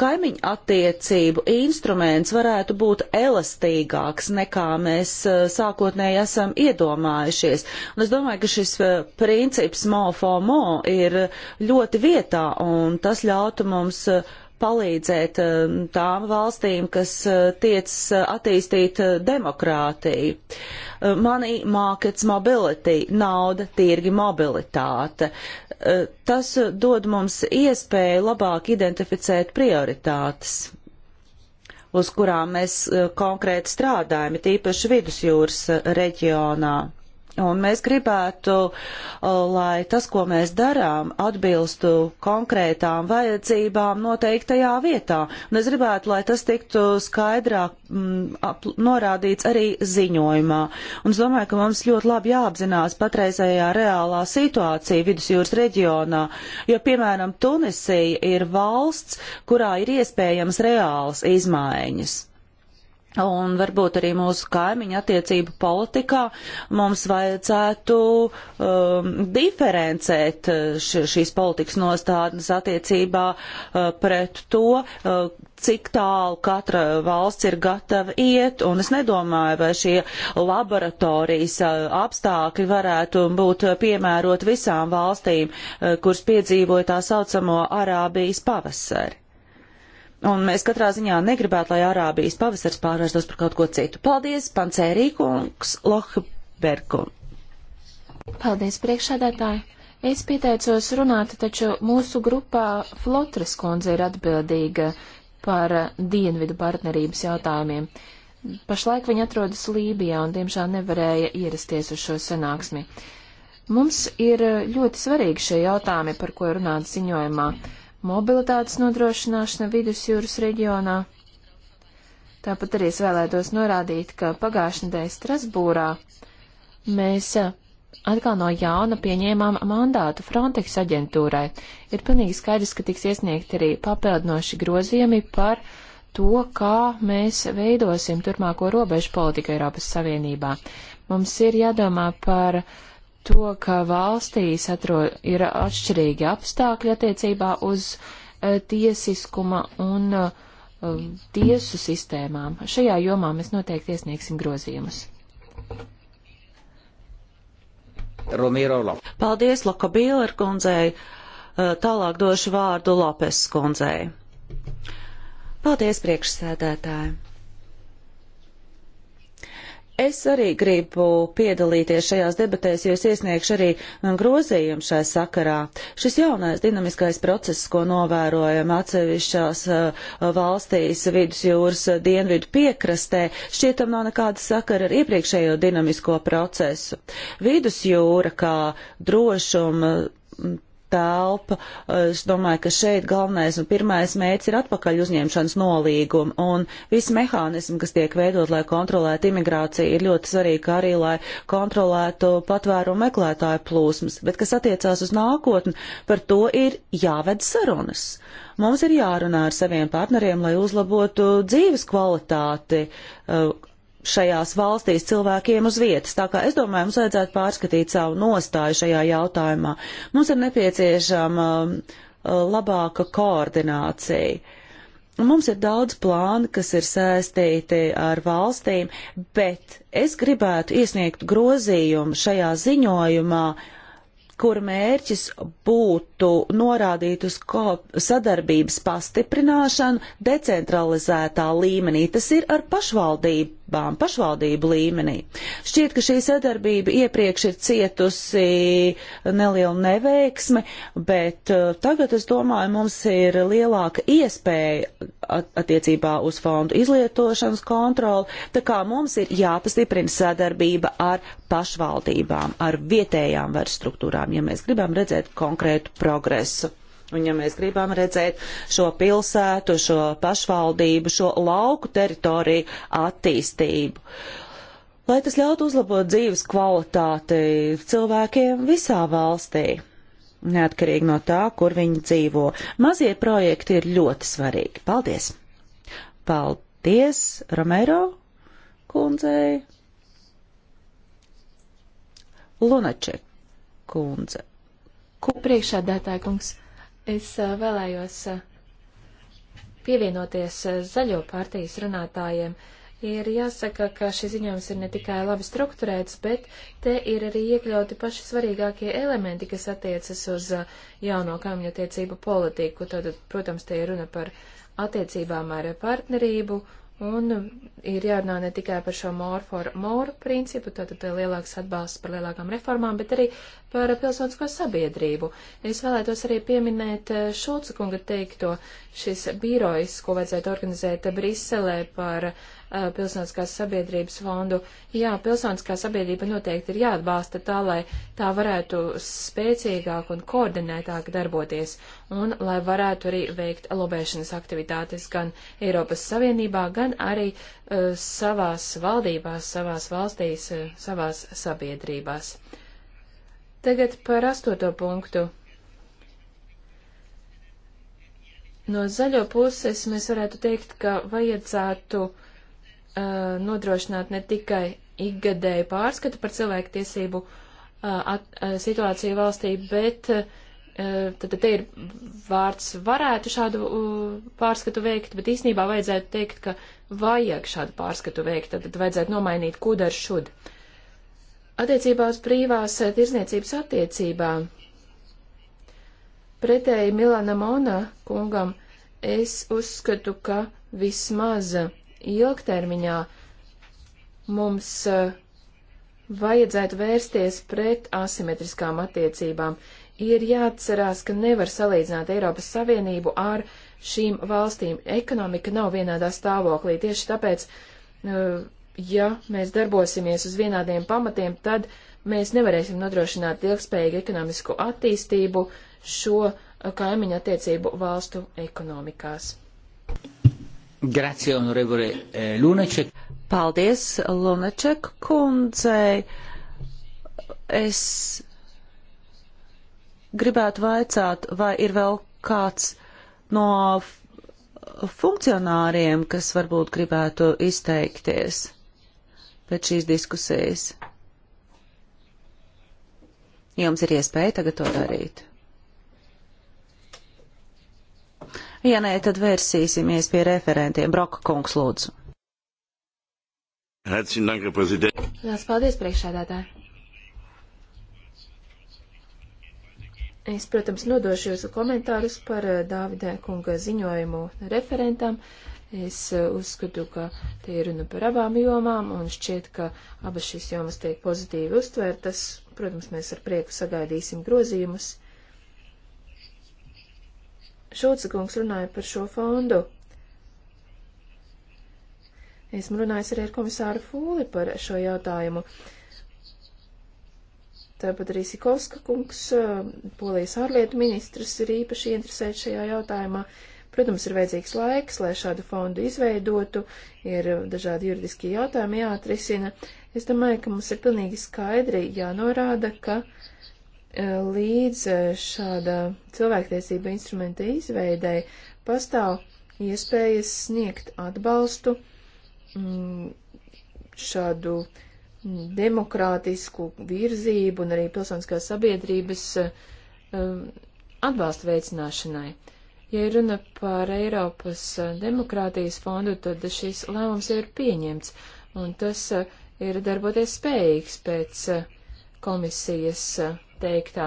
kaimiņu attiecību instruments varētu būt elastīgāks nekā mēs eh, sākotnēji esam iedomājušies. Un es domāju, ka šis eh, princips mo for mo ir ļoti vietā un tas ļautu mums uh, palīdzēt um, tām valstīm, kas uh, tiec uh, attīstīt uh, demokrātiju. Money markets mobility, nauda, tirgi mobilitāte. Tas dod mums iespēju labāk identificēt prioritātes uz kurām mēs konkrēti strādājam, tīpaši vidusjūras reģionā. Un mēs gribētu, lai tas, ko mēs darām, atbilstu konkrētām vajadzībām noteiktajā vietā. Un es gribētu, lai tas tiktu skaidrāk m, ap, norādīts arī ziņojumā. Un es domāju, ka mums ļoti labi jāapzinās patreizējā reālā situācija vidusjūras reģionā, jo, piemēram, Tunisija ir valsts, kurā ir iespējams reāls izmaiņas. Un varbūt arī mūsu kaimiņu attiecību politikā mums vajadzētu um, diferencēt uh, š, šīs politikas nostādnes attiecībā uh, pret to, uh, cik tālu katra valsts ir gatava iet, un es nedomāju, vai šie laboratorijas uh, apstākļi varētu būt uh, piemērot visām valstīm, uh, kuras piedzīvoja tā saucamo Arābijas pavasari. Un mēs katrā ziņā negribētu, lai Arābijas pavasars pārvērstos par kaut ko citu. Paldies, Pancērīkungs, Lohberku. Paldies, priekšādātāji. Es pieteicos runāt, taču mūsu grupā Flotras kundze ir atbildīga par dienvidu partnerības jautājumiem. Pašlaik viņa atrodas Lībijā un, diemžēl, nevarēja ierasties uz šo sanāksmi. Mums ir ļoti svarīgi šie jautājumi, par ko runāt ziņojumā mobilitātes nodrošināšana vidusjūras reģionā. Tāpat arī es vēlētos norādīt, ka pagājušajā nedēļā Strasbūrā mēs uh, atkal no jauna pieņēmām mandātu Frontex aģentūrai. Ir pilnīgi skaidrs, ka tiks iesniegti arī papildinoši grozījumi par to, kā mēs veidosim turpmāko robežu politiku Eiropas Savienībā. Mums ir jādomā par uh, to, ka valstīs atro, ir atšķirīgi apstākļi attiecībā uz uh, tiesiskuma un uh, tiesu sistēmām. Šajā jomā mēs noteikti iesniegsim grozījumus. Romero Lop. Paldies, Loka Bīler kundzei. Tālāk došu vārdu Lopes kundzei. Paldies, priekšsēdētāji. Es arī gribu piedalīties šajās debatēs, jo es iesniegšu arī um, grozījumu šai sakarā. Šis jaunais dinamiskais process, ko novērojam atsevišķās uh, valstīs vidusjūras uh, dienvidu piekrastē, šķietam nav nekāda sakara ar iepriekšējo dinamisko procesu. Vidusjūra kā drošuma telpa. Eh, es domāju, ka šeit galvenais un pirmais mērķis ir atpakaļ uzņemšanas nolīguma un visi mehānismi, kas tiek veidot, lai kontrolētu imigrāciju, ir ļoti svarīgi, kā arī, lai kontrolētu patvēru meklētāju plūsmas. Bet, kas attiecās uz nākotni, par to ir jāved sarunas. Mums ir jārunā ar saviem partneriem, lai uzlabotu dzīves kvalitāti eh, šajās valstīs cilvēkiem uz vietas. Tā kā es domāju, mums vajadzētu pārskatīt savu nostāju šajā jautājumā. Mums ir nepieciešama uh, labāka koordinācija. Mums ir daudz plānu, kas ir saistīti ar valstīm, bet es gribētu iesniegt grozījumu šajā ziņojumā, kur mērķis būtu varētu norādīt uz sadarbības pastiprināšanu decentralizētā līmenī. Tas ir ar pašvaldībām, pašvaldību līmenī. Šķiet, ka šī sadarbība iepriekš ir cietusi nelielu neveiksmi, bet uh, tagad, es domāju, mums ir lielāka iespēja attiecībā uz fondu izlietošanas kontroli, tā kā mums ir jāpastiprina sadarbība ar pašvaldībām, ar vietējām varas struktūrām, ja mēs gribam redzēt konkrētu progresu. Un ja mēs gribam redzēt šo pilsētu, šo pašvaldību, šo lauku teritoriju attīstību, lai tas ļautu uzlabot dzīves kvalitāti cilvēkiem visā valstī, neatkarīgi no tā, kur viņi dzīvo. Mazie projekti ir ļoti svarīgi. Paldies! Paldies, Romero kundzei! Lunaček kundze. Ko priekšādātāja kungs, es vēlējos pievienoties zaļo partijas runātājiem. Ir jāsaka, ka šis ziņojums ir ne tikai labi strukturēts, bet te ir arī iekļauti paši svarīgākie elementi, kas attiecas uz jauno kaimiņu attiecību politiku. Tātad, protams, te ir runa par attiecībām ar partnerību Un ir jārunā ne tikai par šo more for more principu, tātad lielāks atbalsts par lielākām reformām, bet arī par pilsonisko sabiedrību. Es vēlētos arī pieminēt eh, Šulca kunga teikto šis birojs, ko vajadzētu organizēt Briselē par uh, uh, pilsoniskās sabiedrības fondu. Jā, pilsoniskā sabiedrība noteikti ir jāatbalsta tā, lai tā varētu spēcīgāk un koordinētāk darboties un lai varētu arī veikt lobēšanas aktivitātes gan Eiropas Savienībā, gan arī uh, savās valdībās, savās valstīs, uh, savās sabiedrībās. Tagad par astoto punktu. No zaļo puses mēs varētu teikt, ka vajadzētu uh, uh, nodrošināt ne tikai ikgadēju pārskatu par cilvēktiesību uh, at, uh, situāciju valstī, bet uh, tad, tad te ir vārds varētu šādu uh, pārskatu veikt, bet īsnībā vajadzētu teikt, ka vajag šādu pārskatu veikt, tad, tad vajadzētu nomainīt kudaru šud. Attiecībā uz brīvās uh, tirzniecības attiecībām, pretēji Milana Mona kungam, es uzskatu, ka vismaz ilgtermiņā mums eh, vajadzētu vērsties pret asimetriskām attiecībām. Ir jāatcerās, ka nevar salīdzināt Eiropas Savienību ar šīm valstīm. Ekonomika nav vienādā stāvoklī. Tieši tāpēc, eh, ja mēs darbosimies uz vienādiem pamatiem, tad mēs nevarēsim nodrošināt ilgspējīgu ekonomisku attīstību šo eh, kaimiņu attiecību valstu ekonomikās. Grazie, onorevole eh, Lunaček. Paldies, Lunaček kundzei. Es gribētu vaicāt, vai ir vēl kāds no funkcionāriem, kas varbūt gribētu izteikties pēc šīs diskusijas. Jums ir iespēja tagad to darīt. Ja nē, tad vērsīsimies pie referentiem. Broka kungs, lūdzu. Lielas paldies, priekšsēdētāji. Es, protams, nodošu jūsu komentārus par eh, Dāvidē kunga ziņojumu referentam. Es eh, uzskatu, ka te ir runa par abām jomām, un šķiet, ka abas šīs jomas tiek pozitīvi uztvērtas. Protams, mēs ar prieku sagaidīsim grozījumus. Šulcakungs runāja par šo fondu. Esmu runājis arī ar komisāru Fūli par šo jautājumu. Tāpat arī Sikovska kungs, eh, polijas ārlietu ministrs, ir īpaši interesēts šajā jautājumā. Protams, ir vajadzīgs laiks, lai šādu fondu izveidotu, ir dažādi juridiski jautājumi jāatrisina. Es domāju, ka mums ir pilnīgi skaidri jānorāda, ka uh, līdz eh, šāda cilvēktiesība instrumenta izveidai pastāv iespējas sniegt atbalstu mm, šādu demokrātisku virzību un arī pilsoniskās sabiedrības eh, atbalsta veicināšanai. Ja runa par Eiropas eh, demokrātijas fondu, tad šis lēmums jau ir pieņemts, un tas ir darboties spējīgs pēc komisijas teiktā.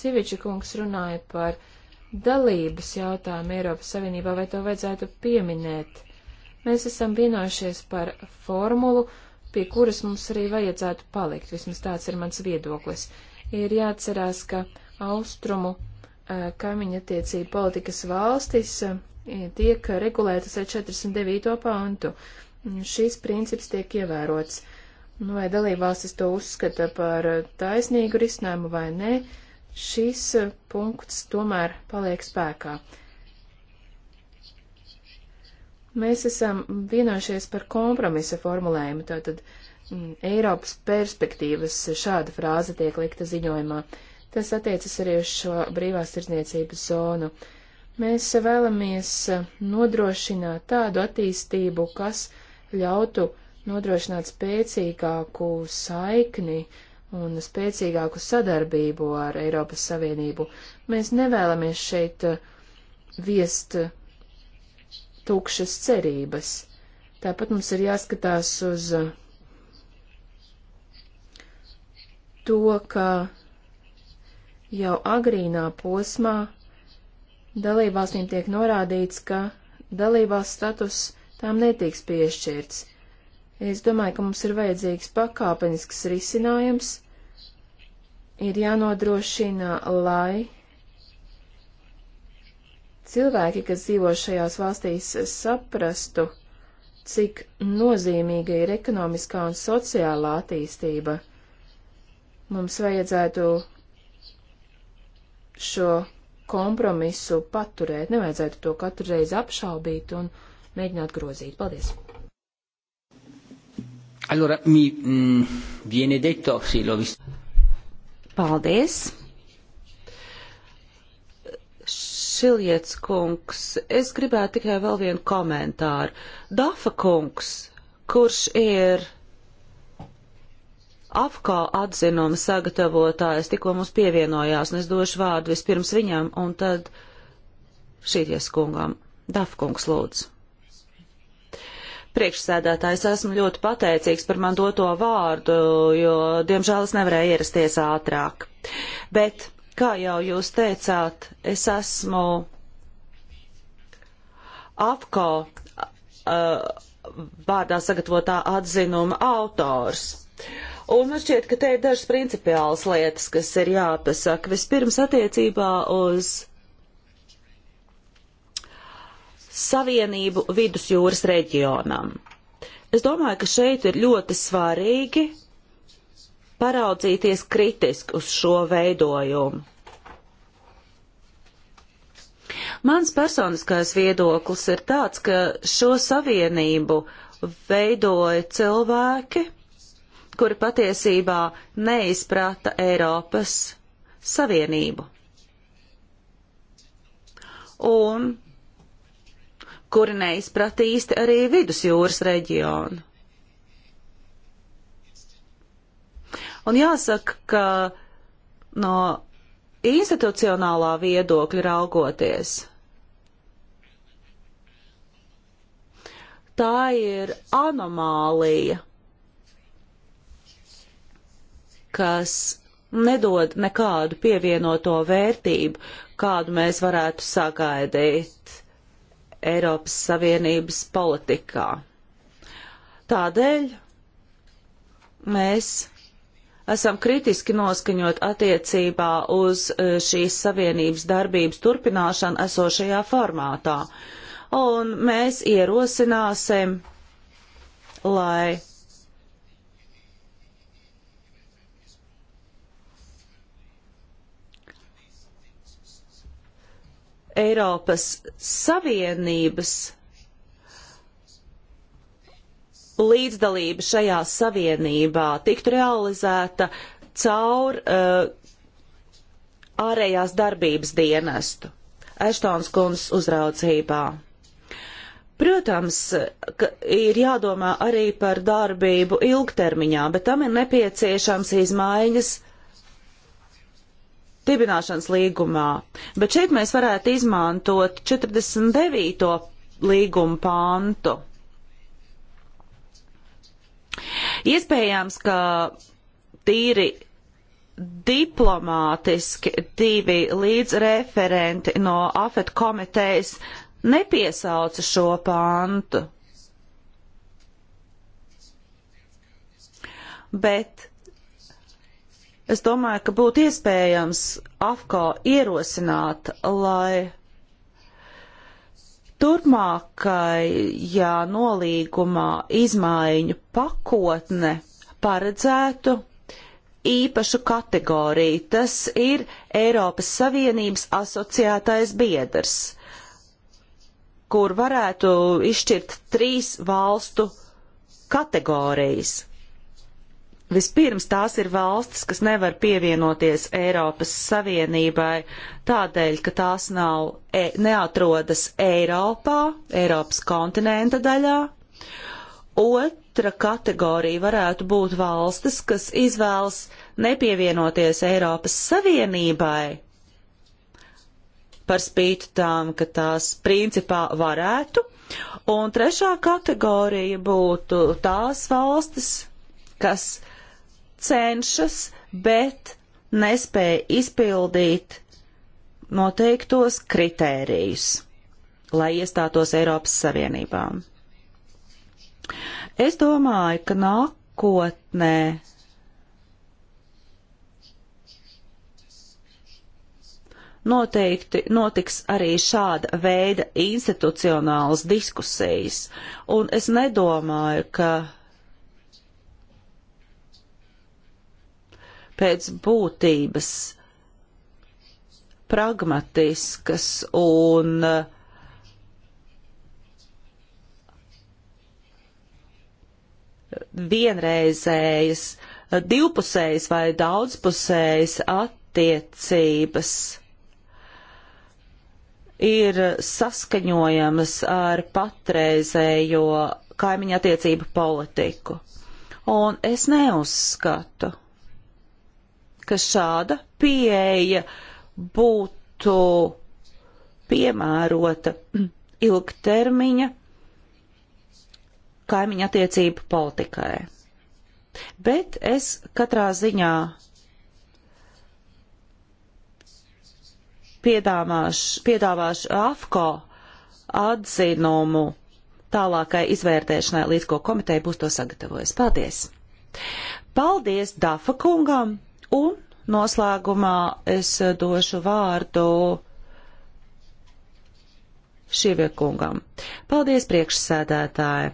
Siviča kungs runāja par dalības jautājumu Eiropas Savienībā, vai to vajadzētu pieminēt. Mēs esam vienojušies par formulu, pie kuras mums arī vajadzētu palikt, vismaz tāds ir mans viedoklis. Ir jāatcerās, ka austrumu eh, kaimiņa attiecību politikas valstis eh, tiek regulētas ar 49. pantu. Šīs princips tiek ievērots. Nu, vai dalībvalstis to uzskata par eh, taisnīgu risinājumu vai nē, šis eh, punkts tomēr paliek spēkā. Mēs esam vienojušies par kompromisa formulējumu, tātad m, mm, Eiropas perspektīvas šāda frāze tiek likta ziņojumā. Tas attiecas arī uz šo brīvās tirdzniecības zonu. Mēs vēlamies eh, nodrošināt tādu attīstību, kas ļautu uh, nodrošināt spēcīgāku saikni un spēcīgāku sadarbību ar Eiropas Savienību. Mēs nevēlamies šeit uh, viest uh, tukšas cerības. Tāpat mums ir jāskatās uz uh, to, ka jau agrīnā posmā dalībvalstīm tiek norādīts, ka dalībvalsts status tām netiks piešķirts. Es domāju, ka mums ir vajadzīgs pakāpenisks risinājums. Ir jānodrošina, lai cilvēki, kas dzīvo šajās valstīs, saprastu, cik nozīmīga ir ekonomiskā un sociālā attīstība. Mums vajadzētu šo kompromisu paturēt, nevajadzētu to katru reizi apšaubīt un mēģināt grozīt. Paldies! Allora, mi mm, viene detto, sì, l'ho visto. Paldies. Šiljets kungs, es gribētu tikai vēl vienu komentāru. Dafa kungs, kurš ir AFKO atzinuma sagatavotājs, tikko mums pievienojās, un es došu vārdu vispirms viņam, un tad šīties kungam. Dafa kungs, lūdzu. Priekšsēdētājs esmu ļoti pateicīgs par man doto vārdu, jo, diemžēl, es nevarēju ierasties ātrāk. Bet, kā jau jūs teicāt, es esmu APCO uh, vārdā sagatavotā atzinuma autors. Un man šķiet, ka te ir dažas principiālas lietas, kas ir jāpasaka. Vispirms attiecībā uz savienību vidusjūras reģionam. Es domāju, ka šeit ir ļoti svarīgi paraudzīties kritiski uz šo veidojumu. Mans personiskais viedoklis ir tāds, ka šo savienību veidoja cilvēki, kuri patiesībā neizprata Eiropas Savienību. Un kuri neizprata īsti arī vidusjūras reģionu. Un jāsaka, ka no institucionālā viedokļa raugoties, tā ir anomālija, kas nedod nekādu pievienoto vērtību, kādu mēs varētu sagaidīt Eiropas Savienības politikā. Tādēļ mēs esam kritiski noskaņot attiecībā uz e, šīs savienības darbības turpināšanu esošajā formātā. Un mēs ierosināsim, lai Eiropas Savienības līdzdalība šajā savienībā tiktu realizēta caur uh, ārējās darbības dienestu Eštons kundzes uzraudzībā. Protams, ka ir jādomā arī par darbību ilgtermiņā, bet tam ir nepieciešams izmaiņas uh, dibināšanas līgumā, bet šeit mēs varētu izmantot 49. līguma pāntu. Iespējams, ka tīri diplomātiski divi līdzreferenti no AFET komitejas nepiesauca šo pāntu. Bet Es domāju, ka būtu iespējams AFCO ierosināt, lai turpmākajā nolīgumā izmaiņu pakotne paredzētu īpašu kategoriju. Tas ir Eiropas Savienības asociētais biedrs, kur varētu izšķirt trīs valstu kategorijas. Vispirms tās ir valstis, kas nevar pievienoties Eiropas Savienībai tādēļ, ka tās nav, e, neatrodas Eiropā, Eiropas kontinenta daļā. Otra kategorija varētu būt valstis, kas izvēlas nepievienoties Eiropas Savienībai par spīti tām, ka tās principā varētu. Un trešā kategorija būtu tās valstis, kas cenšas, bet nespēja izpildīt noteiktos kritērijus, lai iestātos Eiropas Savienībā. Es domāju, ka nākotnē noteikti notiks arī šāda veida institucionālas diskusijas, un es nedomāju, ka pēc būtības pragmatiskas un uh, vienreizējas, uh, divpusējas vai daudzpusējas attiecības ir saskaņojamas ar patreizējo kaimiņa attiecību politiku. Un es neuzskatu, ka šāda pieeja būtu piemērota ilgtermiņa kaimiņa attiecību politikai. Bet es katrā ziņā piedāvāšu, piedāvāšu AFCO atzinumu tālākai izvērtēšanai, līdz ko komiteja būs to sagatavojusi. Paldies! Paldies Dafa kungam Un noslēgumā es došu vārdu Šiviekungam. Paldies, priekšsēdētāji!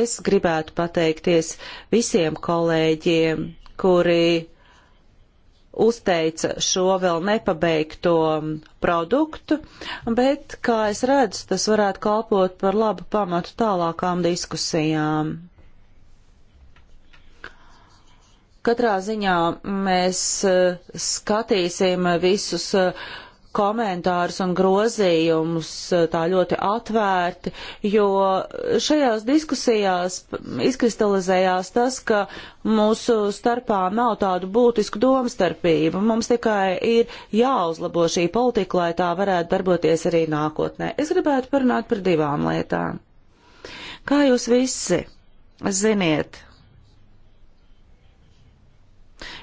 Es gribētu pateikties visiem kolēģiem, kuri uzteica šo vēl nepabeigto produktu, bet, kā es redzu, tas varētu kalpot par labu pamatu tālākām diskusijām. Katrā ziņā mēs eh, skatīsim visus eh, komentārus un grozījumus eh, tā ļoti atvērti, jo šajās diskusijās izkristalizējās tas, ka mūsu starpā nav tādu būtisku domstarpību. Mums tikai ir jāuzlabo šī politika, lai tā varētu darboties arī nākotnē. Es gribētu parunāt par divām lietām. Kā jūs visi ziniet,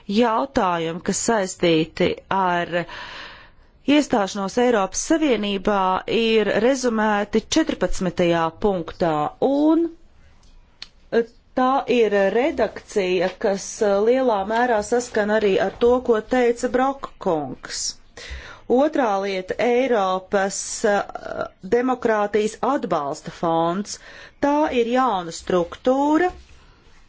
jautājumi, kas saistīti ar iestāšanos Eiropas Savienībā, ir rezumēti 14. punktā, un eh, tā ir redakcija, kas eh, lielā mērā saskan arī ar to, ko teica Brokkungs. Otrā lieta - Eiropas eh, demokrātijas atbalsta fonds. Tā ir jauna struktūra,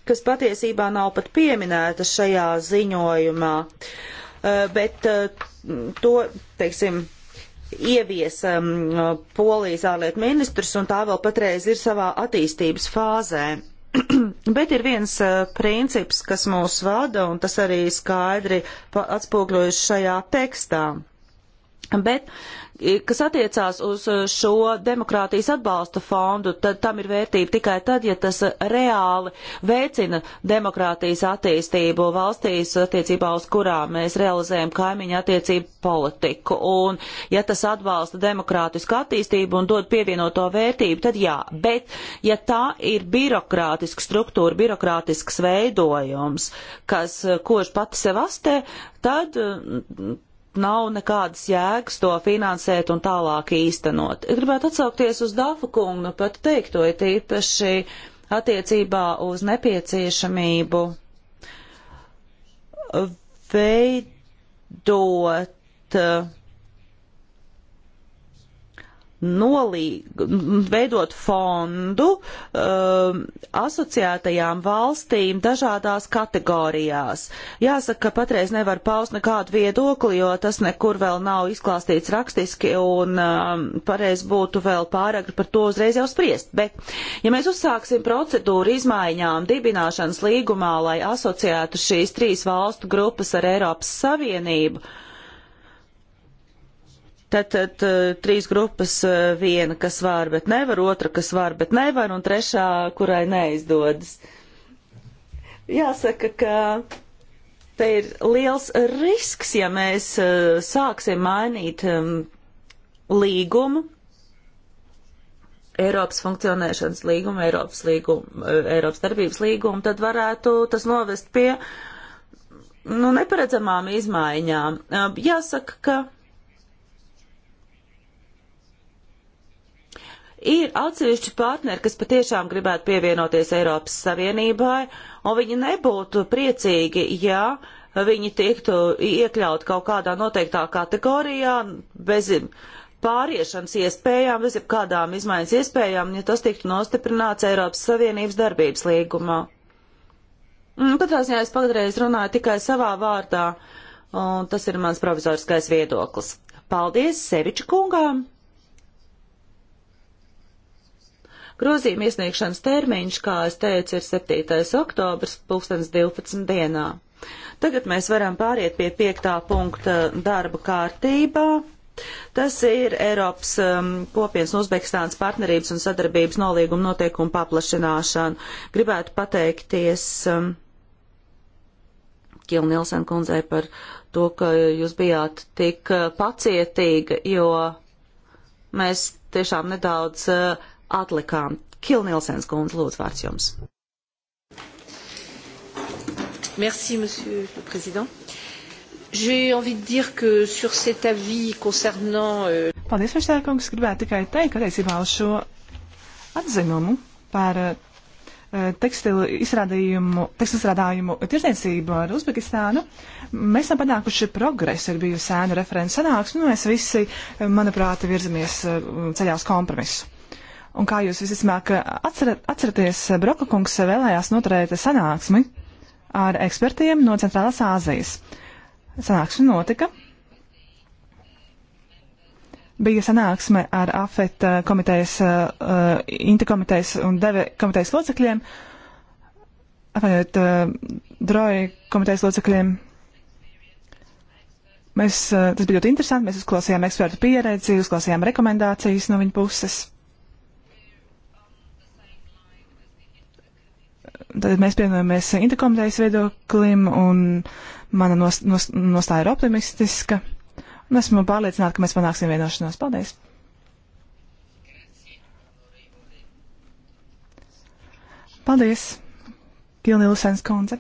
kas patiesībā nav pat pieminēta šajā ziņojumā, eh, bet eh, to, teiksim, ievies mm, Polijas ārlietu ministrs, un tā vēl patreiz ir savā attīstības fāzē. <clears throat> Bet ir viens eh, princips, kas mūs vada, un tas arī skaidri atspūgļojas šajā tekstā. Bet, kas attiecās uz e, šo demokrātijas atbalsta fondu, tad tam ir vērtība tikai tad, ja tas e, reāli veicina demokrātijas attīstību valstīs, attiecībā uz kurām mēs realizējam kaimiņu attiecību politiku. Un, ja tas atbalsta demokrātisku attīstību un dod pievienoto vērtību, tad jā. Bet, ja tā ir birokrātiska struktūra, birokrātisks veidojums, kas e, kož pati sev astē, tad nav nekādas jēgas to finansēt un tālāk īstenot. Gribētu atsaukties uz Dāfa kungu, nu pat teikto, ja tīpaši attiecībā uz nepieciešamību veidot nolīg, veidot fondu um, asociētajām valstīm dažādās kategorijās. Jāsaka, ka patreiz nevar paust nekādu viedokli, jo tas nekur vēl nav izklāstīts rakstiski un um, pareiz būtu vēl pārāk par to uzreiz jau spriest. Bet, ja mēs uzsāksim procedūru izmaiņām dibināšanas līgumā, lai asociētu šīs trīs valstu grupas ar Eiropas Savienību, uh, Tad, tad eh, trīs grupas, eh, viena, kas var, bet nevar, otra, kas var, bet nevar, un trešā, kurai neizdodas. Jāsaka, ka te ir liels risks, ja mēs eh, sāksim mainīt ehm, līgumu, Eiropas funkcionēšanas līgumu, Eiropas, līgumu, Eiropas darbības līgumu, tad varētu tas novest pie nu, neparedzamām izmaiņām. Ehm, jāsaka, ka Ir atsevišķi partneri, kas patiešām gribētu pievienoties Eiropas Savienībai, un viņi nebūtu priecīgi, ja viņi tiktu iekļaut kaut kādā noteiktā kategorijā bez pāriešanas iespējām, bez jebkādām izmaiņas iespējām, ja tas tiktu nostiprināts Eiropas Savienības darbības līgumā. Mm, katrā ziņā es pagadreiz runāju tikai savā vārdā, un tas ir mans provizoriskais viedoklis. Paldies Seviča kungām! Grozījuma iesniegšanas termiņš, kā es teicu, ir 7. oktobrs, 2012. dienā. Tagad mēs varam pāriet pie 5. punkta darba kārtībā. Tas ir Eiropas um, kopienas un Uzbekistānas partnerības un sadarbības nolīguma noteikumu paplašināšana. Gribētu pateikties um, Kilnielsen kundzei par to, ka jūs bijāt tik uh, pacietīga, jo mēs tiešām nedaudz uh, atlikām. Kilnilsens kundze, lūdzu, vārds jums. Merci, monsieur le président. J'ai envie de dire que sur cet avis concernant. Euh... Paldies, Verstērkungs. Gribētu tikai teikt, ka attiecībā uz šo atzinumu par uh, tekstilu izstrādājumu, tekstilu izstrādājumu tirdzniecību ar Uzbekistānu. Mēs esam panākuši progresu, ir bijusi sēnu referents sanāksme, nu mēs visi, manuprāt, virzamies uh, ceļā uz kompromisu. Un kā jūs visticamāk eh, atceraties, eh, Broka kungs eh, vēlējās noturēt sanāksmi ar ekspertiem no Centrālās Āzijas. Sanāksme notika. Bija sanāksme ar AFET komitejas, uh, interkomitejas un deve komitejas locekļiem, apvienot uh, droju komitejas locekļiem. Mēs, uh, tas bija ļoti interesanti, mēs uzklausījām ekspertu pieredzi, uzklausījām rekomendācijas no viņa puses. tad mēs pievienojamies interkomitejas viedoklim, un mana nost, nost, nostāja ir optimistiska. Un esmu pārliecināta, ka mēs panāksim vienošanos. Paldies! Paldies, Kilnīlusens kundze!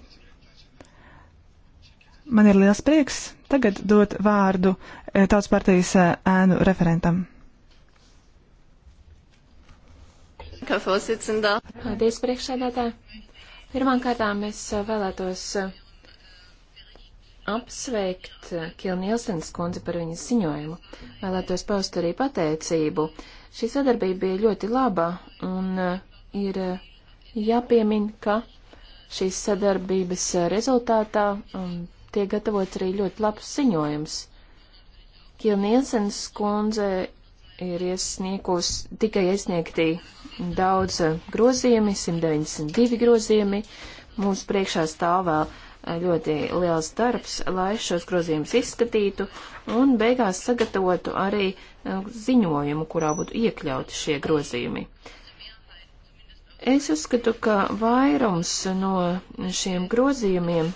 Man ir liels prieks tagad dot vārdu eh, Tautas partijas eh, ēnu referentam. Kā fosicindāt? Paldies, priekšsēdētāji! Pirmkārtām es uh, vēlētos uh, apsveikt uh, Kilnielsens kundzi par viņas ziņojumu. Vēlētos paust arī pateicību. Šī sadarbība bija ļoti laba un ir jāpiemin, ka šīs sadarbības rezultātā um, tiek gatavots arī ļoti labs ziņojums. Kilnielsens kundze ir iesniegus, tikai iesniegtī daudz eh, grozījumi, 192 grozījumi. Mums priekšā stāv vēl eh, ļoti liels darbs, lai šos grozījumus izskatītu un beigās sagatavotu arī eh, ziņojumu, kurā būtu iekļauti šie grozījumi. Es uzskatu, ka vairums no šiem grozījumiem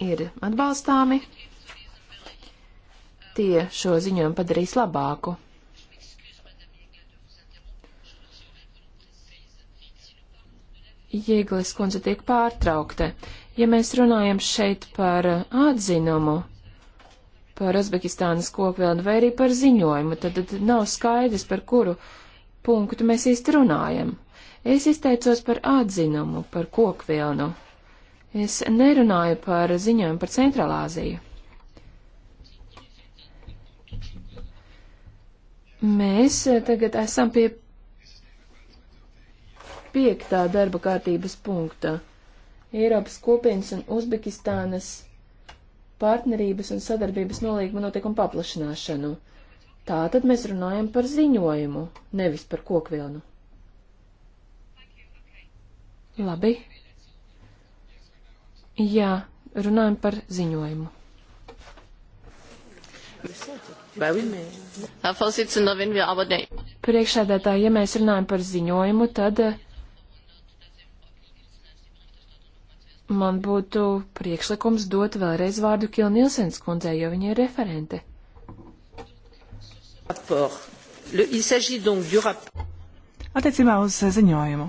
ir atbalstāmi, Tie šo ziņojumu padarīs labāku. Jēglis kundze tiek pārtraukta. Ja mēs runājam šeit par atzinumu, par Uzbekistānas kokvilnu vai arī par ziņojumu, tad, tad nav skaidrs, par kuru punktu mēs īsti runājam. Es izteicos par atzinumu, par kokvilnu. Es nerunāju par ziņojumu par Centrālāziju. Mēs eh, tagad esam pie piektā darba kārtības punkta - Eiropas kopienas un Uzbekistānas partnerības un sadarbības nolīguma notikumu paplašināšanu. Tā tad mēs runājam par ziņojumu, nevis par kokvilnu. Labi. Jā, runājam par ziņojumu. Visādi. Priekšsēdētāji, ja mēs runājam par ziņojumu, tad eh, man būtu priekšlikums dot vēlreiz vārdu Kilnielsens kundzei, jo viņa ir referente. Attiecībā uz ziņojumu.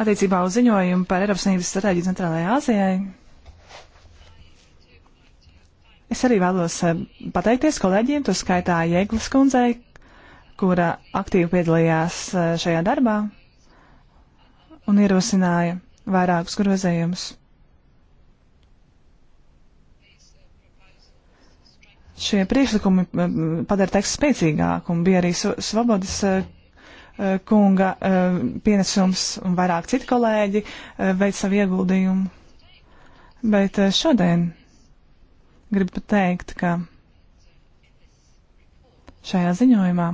Attiecībā uz ziņojumu par Eiropas Savienības stratēģiju Centrālajai Āzijai Es arī vēlos eh, pateikties kolēģiem, to skaitā Jēglas kundzei, kura aktīvi piedalījās eh, šajā darbā un ierosināja vairākus grozējumus. Šie priekšlikumi eh, padara tekstu spēcīgāku un bija arī Svobodas kunga pienesums un vairāk citi kolēģi veic savu ieguldījumu. Bet šodien gribu teikt, ka šajā ziņojumā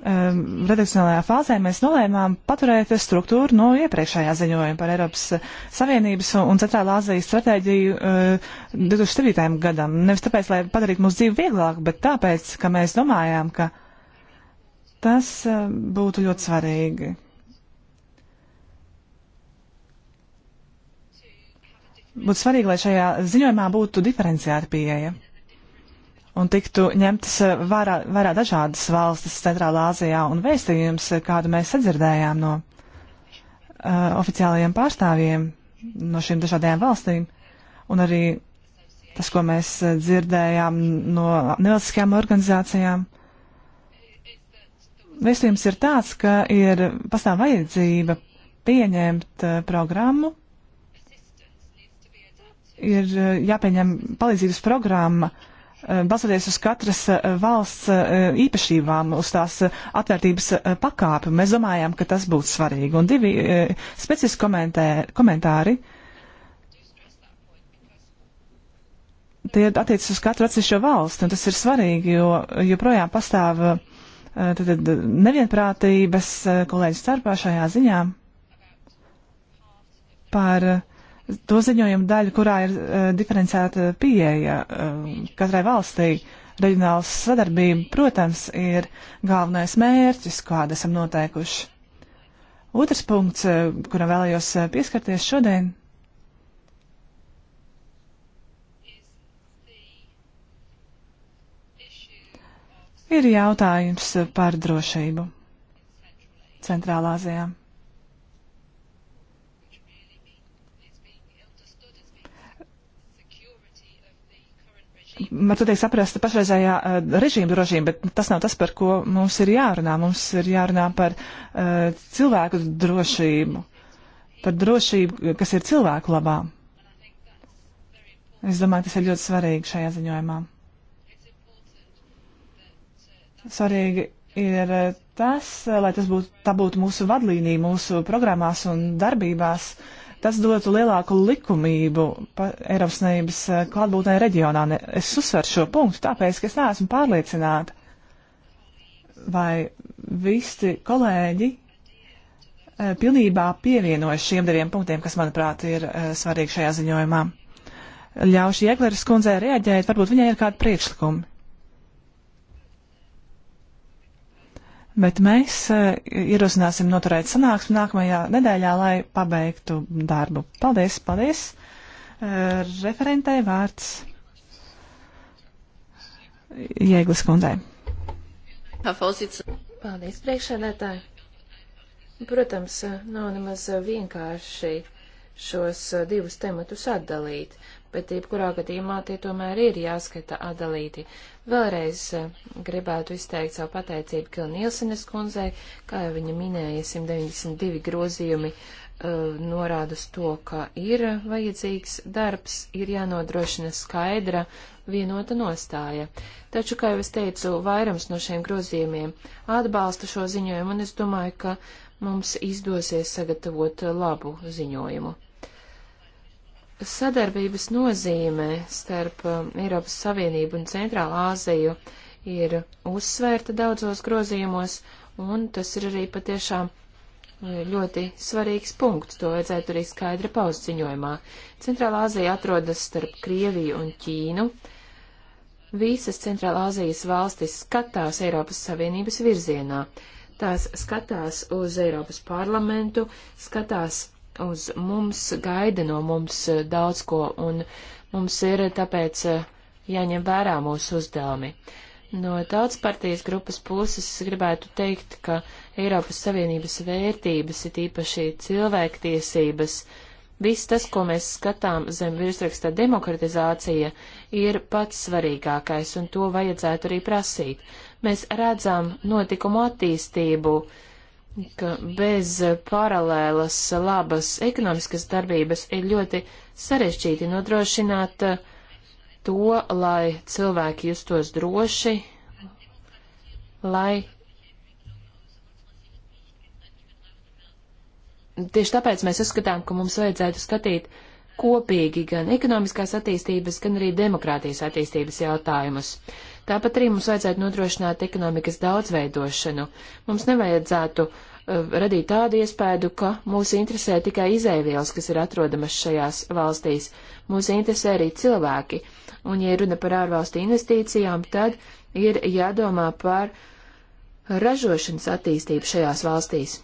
um, redakcionālajā fāzē mēs nolēmām paturēt struktūru no iepriekšējā ziņojuma par Eiropas Savienības un Centrālā Azijas stratēģiju uh, eh, 2009. gadam. Nevis tāpēc, lai padarītu mūsu dzīvi vieglāk, bet tāpēc, ka mēs domājām, ka tas uh, būtu ļoti svarīgi. būtu svarīgi, lai šajā ziņojumā būtu diferenciēta pieeja un tiktu ņemtas eh, vērā, vērā dažādas valstis Centrālā Āzijā un vēstījums, kādu mēs sadzirdējām no uh, oficiālajiem pārstāvjiem no šīm dažādajām valstīm, un arī tas, ko mēs eh, dzirdējām no nevalstiskajām organizācijām. Vēstījums ir tāds, ka ir pastāv vajadzība pieņemt uh, programmu ir eh, jāpieņem palīdzības programma, eh, balstoties uz katras eh, valsts īpašībām, uz tās atvērtības pakāpi. Mēs domājām, ka tas būtu svarīgi. Un divi specifiski komentē, komentāri. Tie attiecas uz katru atsevišķo valsti, un tas ir svarīgi, jo joprojām pastāv tad, nevienprātības kolēģis starpā šajā ziņā par uh, to ziņojumu daļu, kurā ir uh, e, diferencēta pieeja uh, katrai valstī. Reģionāls sadarbība, protams, ir galvenais mērķis, kādu esam noteikuši. Otrs punkts, uh, kuram vēlējos uh, pieskarties šodien, ir jautājums par drošību Centrālāzijā. man tiek saprast pašreizējā uh, režīma drošība, bet tas nav tas, par ko mums ir jārunā. Mums ir jārunā par uh, cilvēku drošību, par drošību, kas ir cilvēku labā. Es domāju, tas ir ļoti svarīgi šajā ziņojumā. Svarīgi ir eh, tas, lai tas būtu, tā būtu mūsu vadlīnija, mūsu programmās un darbībās. Uh, Tas dotu lielāku likumību Eiropas Savienības eh, klātbūtnē reģionā. Es uzsveru šo punktu, tāpēc, ka es neesmu pārliecināta, vai visi kolēģi eh, pilnībā pievienojas šiem diviem punktiem, kas, manuprāt, ir eh, svarīgi šajā ziņojumā. Ļaušu Iegleres kundzē reaģēt, varbūt viņai ir kādi priekšlikumi. Bet mēs e, ierosināsim noturēt sanāksmi nākamajā nedēļā, lai pabeigtu darbu. Paldies, paldies! E, referentē vārds Jēglas kundzei. Paldies, priekšsēdētāji! Protams, e, nav nemaz vienkārši šos divus tematus atdalīt bet jebkurā gadījumā tie tomēr ir jāskata atdalīti. Vēlreiz eh, gribētu izteikt savu pateicību Kilnielsenes kundzei, kā jau viņa minēja, 192 grozījumi uh, norāda uz to, ka ir vajadzīgs darbs, ir jānodrošina skaidra vienota nostāja. Taču, kā jau es teicu, vairums no šiem grozījumiem atbalsta šo ziņojumu, un es domāju, ka mums izdosies sagatavot labu ziņojumu sadarbības nozīme starp um, Eiropas Savienību un Centrālā Āziju ir uzsvērta daudzos grozījumos, un tas ir arī patiešām uh, ļoti svarīgs punkts, to vajadzētu arī skaidri paust ziņojumā. Centrālā Āzija atrodas starp Krieviju un Ķīnu. Visas Centrālā Āzijas valstis skatās Eiropas Savienības virzienā. Tās skatās uz Eiropas parlamentu, skatās uz mums, gaida no mums eh, daudz ko, un mums ir eh, tāpēc eh, jāņem vērā mūsu uzdevumi. No tautas partijas grupas puses gribētu teikt, ka Eiropas Savienības vērtības, it īpaši cilvēktiesības, viss tas, ko mēs skatām zem virsraksta demokratizācija, ir pats svarīgākais, un to vajadzētu arī prasīt. Mēs redzam notikumu attīstību, uh, ka bez paralēlas labas ekonomiskas darbības ir ļoti sarežģīti nodrošināt eh, to, lai cilvēki justos droši, lai tieši tāpēc mēs uzskatām, ka mums vajadzētu skatīt kopīgi gan ekonomiskās attīstības, gan arī demokrātijas attīstības jautājumus. Uh, Tāpat arī mums vajadzētu nodrošināt ekonomikas daudzveidošanu. Mums nevajadzētu uh, radīt tādu iespēju, ka mūs interesē tikai izēvielas, kas ir atrodamas šajās valstīs. Mūs interesē arī cilvēki. Un, ja runa par ārvalstu investīcijām, tad ir jādomā par ražošanas attīstību šajās valstīs.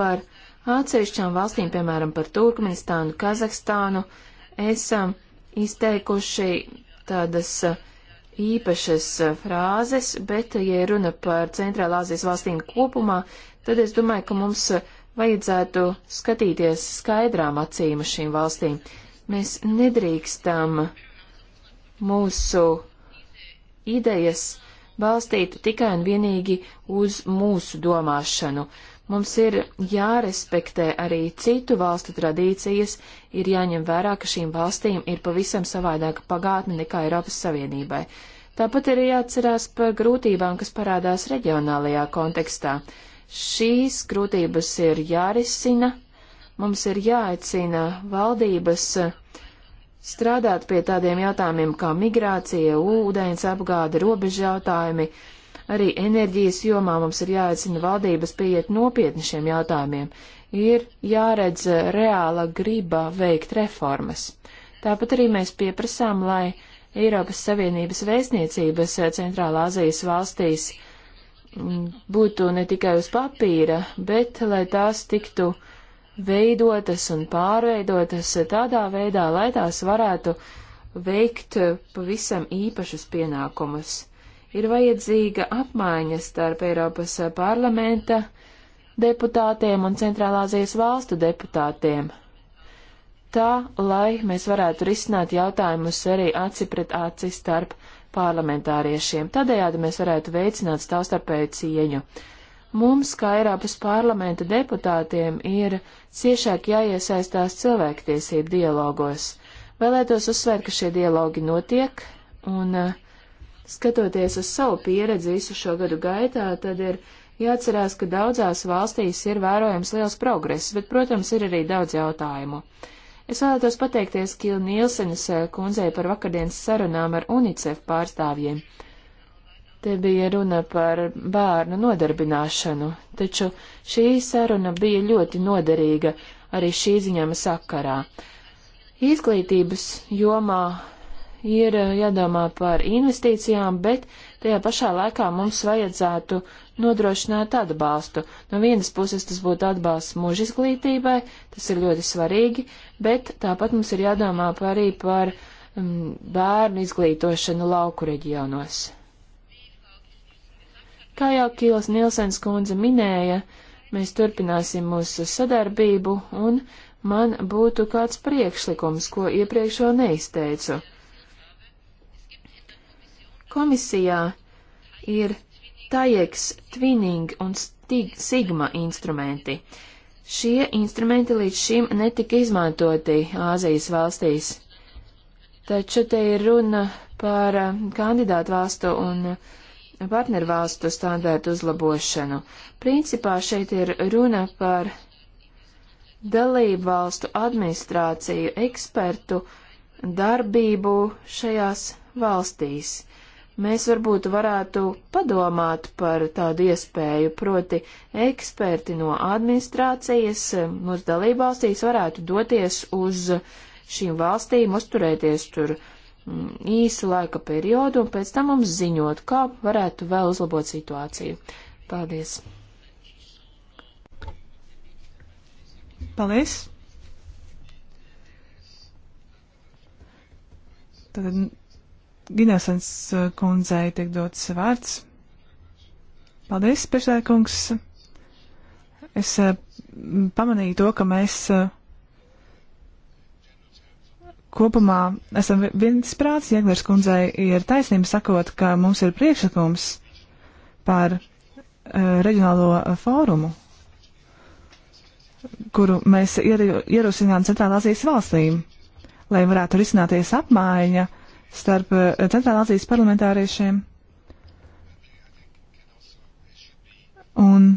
Par atsevišķām valstīm, piemēram, par Turkmenistānu, Kazahstānu, esam. Um, izteikuši tādas uh, īpašas uh, frāzes, bet, uh, ja runa par Centrālā Azijas valstīm kopumā, tad es domāju, ka mums vajadzētu skatīties skaidrām acīm uz šīm valstīm. Mēs nedrīkstam mūsu idejas balstīt tikai un vienīgi uz mūsu domāšanu. Uh, Mums ir jārespektē arī citu valstu tradīcijas, ir jāņem vērā, ka šīm valstīm ir pavisam savādāka pagātne nekā Eiropas Savienībai. Tāpat ir jāatcerās par grūtībām, kas parādās reģionālajā kontekstā. Šīs grūtības ir jārisina, mums ir jāaicina valdības strādāt pie tādiem jautājumiem kā migrācija, ūdens apgāde, robeža jautājumi, uh, Arī enerģijas jomā mums ir jāaicina valdības pieiet nopietni šiem jautājumiem. Ir jāredz eh, reāla griba veikt reformas. Tāpat arī mēs pieprasām, lai Eiropas Savienības vēstniecības eh, Centrālā Azijas valstīs mm, būtu ne tikai uz papīra, bet lai tās tiktu veidotas un pārveidotas tādā veidā, lai tās varētu veikt eh, pavisam īpašus pienākumus ir vajadzīga apmaiņa starp Eiropas parlamenta deputātiem un Centrālāzijas valstu deputātiem. Tā, lai mēs varētu risināt jautājumus arī aci pret aci starp parlamentāriešiem. Tādējādi mēs varētu veicināt savstarpēju cieņu. Mums, kā Eiropas parlamenta deputātiem, ir ciešāk jāiesaistās cilvēktiesību dialogos. Vēlētos uzsvērt, ka šie dialogi notiek, un uh, Skatoties uz savu pieredzi visu šo gadu gaitā, tad ir jāatcerās, ka daudzās valstīs ir vērojams liels progress, bet, protams, ir arī daudz jautājumu. Es vēlētos pateikties Kīla Nielsenes eh, kundzei par vakardienas sarunām ar UNICEF pārstāvjiem. Te bija runa par bērnu nodarbināšanu, taču šī saruna bija ļoti noderīga arī šī ziņām sakarā. Izglītības jomā ir eh, jādomā par investīcijām, bet tajā pašā laikā mums vajadzētu nodrošināt atbalstu. No vienas puses tas būtu atbalsts mūža izglītībai, tas ir ļoti svarīgi, bet tāpat mums ir jādomā arī par um, bērnu izglītošanu lauku reģionos. Kā jau Kīlas Nilsens kundze minēja, mēs turpināsim mūsu sadarbību un man būtu kāds priekšlikums, ko iepriekš vēl neizteicu. Komisijā ir TAIEX, Twinning un stig, Sigma instrumenti. Šie instrumenti līdz šim netika izmantoti Āzijas valstīs. Taču te ir runa par eh, kandidātu valstu un partnervalstu standārtu uzlabošanu. Principā šeit ir runa par dalību valstu administrāciju, ekspertu darbību šajās valstīs mēs varbūt varētu padomāt par tādu iespēju, proti eksperti no administrācijas eh, mūsu dalībvalstīs varētu doties uz šīm valstīm, uzturēties tur mm, īsu laika periodu un pēc tam mums ziņot, kā varētu vēl uzlabot situāciju. Paldies! Paldies! Tad Gidelsens uh, kundzei tiek dots vārds. Paldies, priekšsēkungs. Es uh, pamanīju to, ka mēs uh, kopumā esam viensprāts. Jēglers kundzei ir taisnība sakot, ka mums ir priekšlikums par reģionālo fórumu, kuru mēs ierosinām Centrālāzijas valstīm, lai varētu risināties apmaiņa starp eh, Centrālāzijas parlamentāriešiem. Un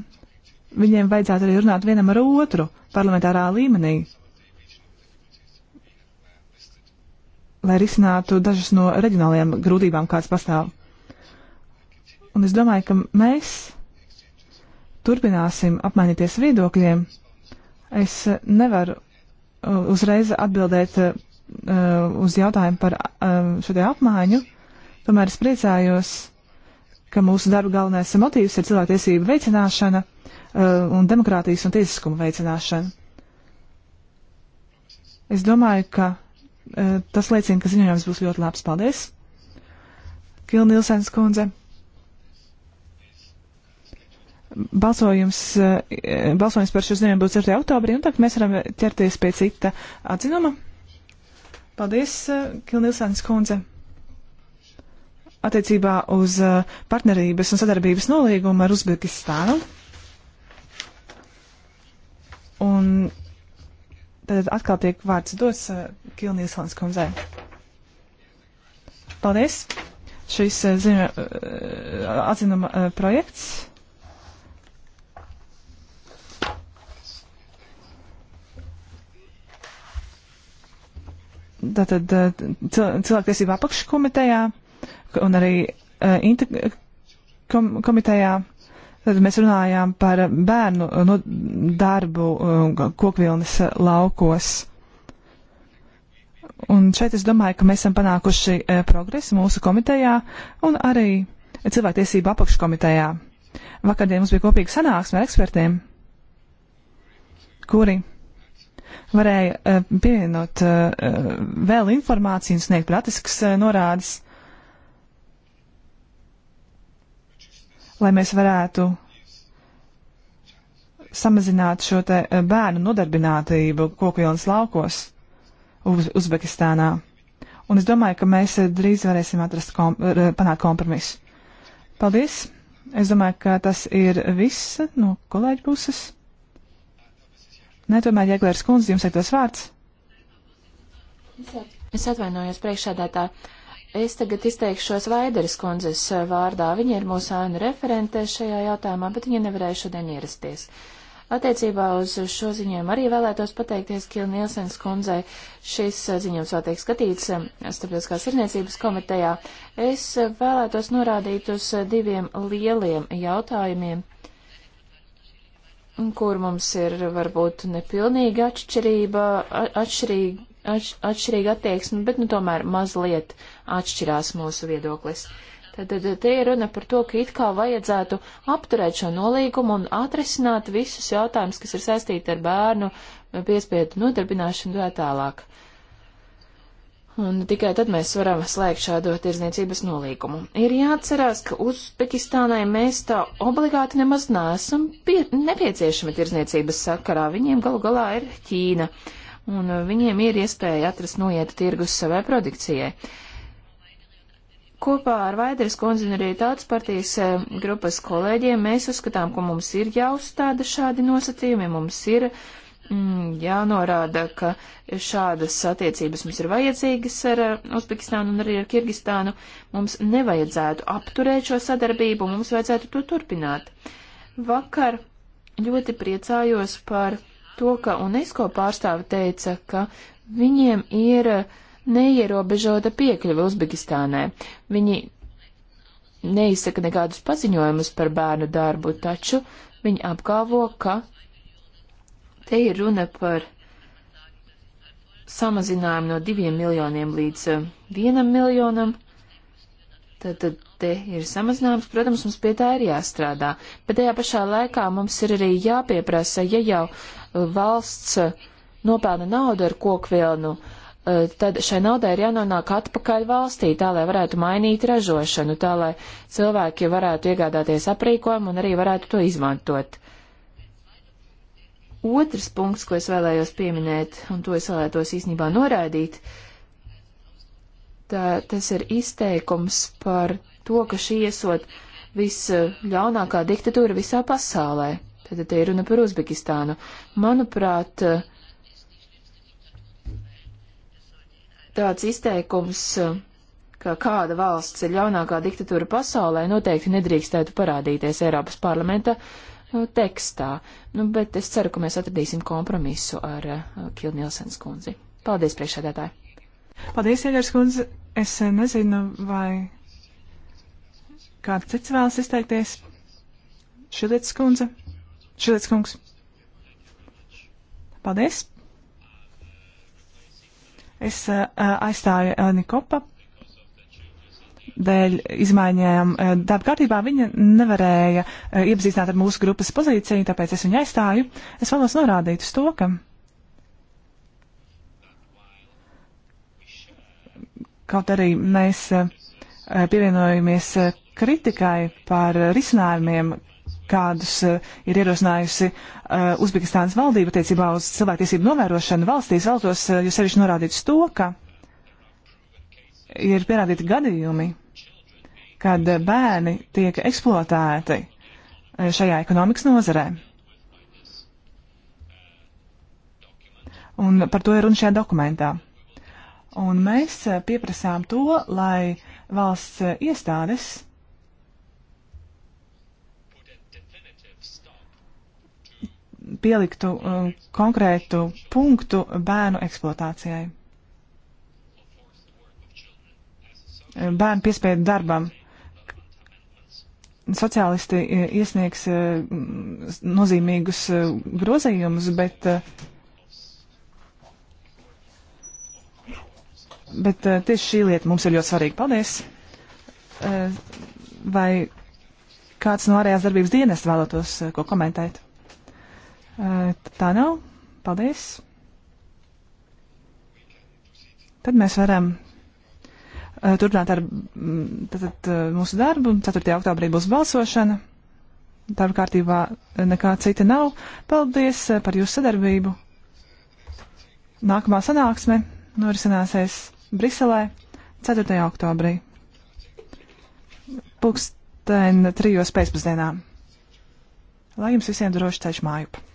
viņiem vajadzētu arī runāt vienam ar otru parlamentārā līmenī, lai risinātu dažas no reģionālajām grūtībām, kādas pastāv. Un es domāju, ka mēs turpināsim apmainīties viedokļiem. Es nevaru eh, uzreiz atbildēt eh, Uh, uz jautājumu par uh, šo te apmaiņu, tomēr es priecājos, ka mūsu darba galvenais motīvs ir cilvēktiesību veicināšana uh, un demokrātijas un tiesiskuma veicināšana. Es domāju, ka tas liecina, ka ziņojums būs ļoti labs. Paldies! Kilnīlsens kundze. Balsojums, balsojums par šo ziņojumu būs 4. oktobrī, un tagad mēs varam ķerties pie cita atzinuma. Paldies, eh, Kilnilsāns kundze. Attiecībā uz eh, partnerības un sadarbības nolīgumu ar Uzbekistānu. Un tad atkal tiek vārds dos eh, Kilnilsāns kundzei. Paldies! Šis ziņa, atzinuma projekts tātad cilvēktiesība apakškomitejā un arī uh, kom komitejā. Tad mēs runājām par bērnu no darbu uh, kokvilnes laukos. Un šeit es domāju, ka mēs esam panākuši uh, progresu mūsu komitejā un arī cilvēktiesību apakškomitejā. Vakardien mums bija kopīga sanāksme ar ekspertiem, kuri varēja eh, pievienot eh, vēl informāciju un sniegt praktiskas eh, norādes, lai mēs varētu samazināt šo te bērnu nodarbinātību kokvilnas laukos Uz Uzbekistānā. Un es domāju, ka mēs drīz varēsim atrast kom panākt kompromisu. Paldies! Es domāju, ka tas ir viss no kolēģa puses. Nē, tomēr, Jēglērs kundze, jums ir tas vārds. Es atvainojos priekšādātā. Es tagad izteikšos Vaideris kundzes eh, vārdā. Viņa ir mūsu ēnu referente šajā jautājumā, bet viņa nevarēja šodien ierasties. Attiecībā uz šo ziņojumu arī vēlētos pateikties Kilni Nielsens kundzei. Šis eh, ziņojums vēl tiek skatīts eh, starptautiskās irniecības komitejā. Es vēlētos norādīt uz diviem lieliem jautājumiem, kur mums ir varbūt nepilnīga atšķirība, atšķirīga, atš, atšķirīga attieksme, bet nu tomēr mazliet atšķirās mūsu viedoklis. Tad te ir runa par to, ka it kā vajadzētu apturēt šo nolīgumu un atrisināt visus jautājumus, kas ir saistīti ar bērnu piespiedu nodarbināšanu tā tālāk. Un tikai tad mēs varam slēgt šādu tirzniecības nolīgumu. Ir jāatcerās, ka Uzbekistānai mēs tā obligāti nemaz neesam pie, nepieciešami tirzniecības sakarā. Viņiem galu galā ir Ķīna, un viņiem ir iespēja atrast noietu tirgus savai produkcijai. Kopā ar Vaidaras kundzi un arī tautas partijas eh, grupas kolēģiem mēs uzskatām, ka mums ir jāuzstāda šādi nosacījumi, mums ir uh, Mm, jānorāda, ka šādas attiecības mums ir vajadzīgas ar uh, Uzbekistānu un arī ar Kirgistānu. Mums nevajadzētu apturēt šo sadarbību, mums vajadzētu to turpināt. Vakar ļoti priecājos par to, ka UNESCO pārstāve teica, ka viņiem ir uh, neierobežota piekļuva Uzbekistānai. Viņi neizsaka nekādus paziņojumus par bērnu darbu, taču viņi apgalvo, ka Te ir runa par samazinājumu no diviem miljoniem līdz eh, vienam miljonam. Tad, tad te ir samazinājums, protams, mums pie tā ir jāstrādā. Bet tajā pašā laikā mums ir arī jāpieprasa, ja jau eh, valsts eh, nopelna naudu ar kokvilnu, tad šai naudai ir jānonāk atpakaļ valstī, tā lai varētu mainīt ražošanu, tā lai cilvēki varētu iegādāties aprīkojumu un arī varētu to izmantot. Uh, Otrs punkts, ko es vēlējos pieminēt, un to es vēlētos īsnībā noraidīt, tā, tas ir izteikums par to, ka šī iesot visļaunākā diktatūra visā pasaulē. Tad te ir runa par Uzbekistānu. Manuprāt, tāds izteikums, ka kāda valsts ir ļaunākā diktatūra pasaulē, noteikti nedrīkstētu parādīties Eiropas parlamenta uh, Uh, tekstā, nu, bet es ceru, ka mēs atradīsim kompromisu ar uh, Kilnielsens kundzi. Paldies, priekšsēdētāji! Paldies, Iegars kundze! Es uh, nezinu, vai kāds cits vēlas izteikties. Šilietas kundze. Šilietas kungs. Paldies. Es uh, aizstāju uh, Nikopa dēļ izmaiņām eh, darba kārtībā viņa nevarēja eh, iepazīstināt ar mūsu grupas pozīciju, tāpēc es viņu aizstāju. Es vēlos norādīt uz to, ka. Kaut arī mēs eh, pievienojamies kritikai par risinājumiem, kādus ir ierosinājusi Uzbekistānas valdība attiecībā uz cilvēktiesību novērošanu valstīs, vēlos jūs sevišķi norādīt uz to, ka ir pierādīti gadījumi, kad bērni tiek eksploatēti eh, šajā ekonomikas nozarē. Un par to ir runa šajā dokumentā. Un mēs eh, pieprasām to, lai valsts eh, iestādes pieliktu uh, konkrētu punktu bērnu eksploatācijai. Bērnu piespiedu darbam sociālisti e, iesniegs e, nozīmīgus e, grozījumus, bet, bet tieši šī lieta mums ir ļoti svarīga. Paldies! Vai kāds no ārējās darbības dienas vēlētos ko komentēt? Tā nav. Paldies! Tad mēs varam Eh, turpināt ar mm, tātad, eh, mūsu darbu. 4. oktobrī būs balsošana. Darba kārtībā nekā cita nav. Paldies eh, par jūsu sadarbību. Nākamā sanāksme norisināsies Briselē 4. oktobrī. Pulksten trijos pēcpusdienā. Lai jums visiem droši ceļš mājup!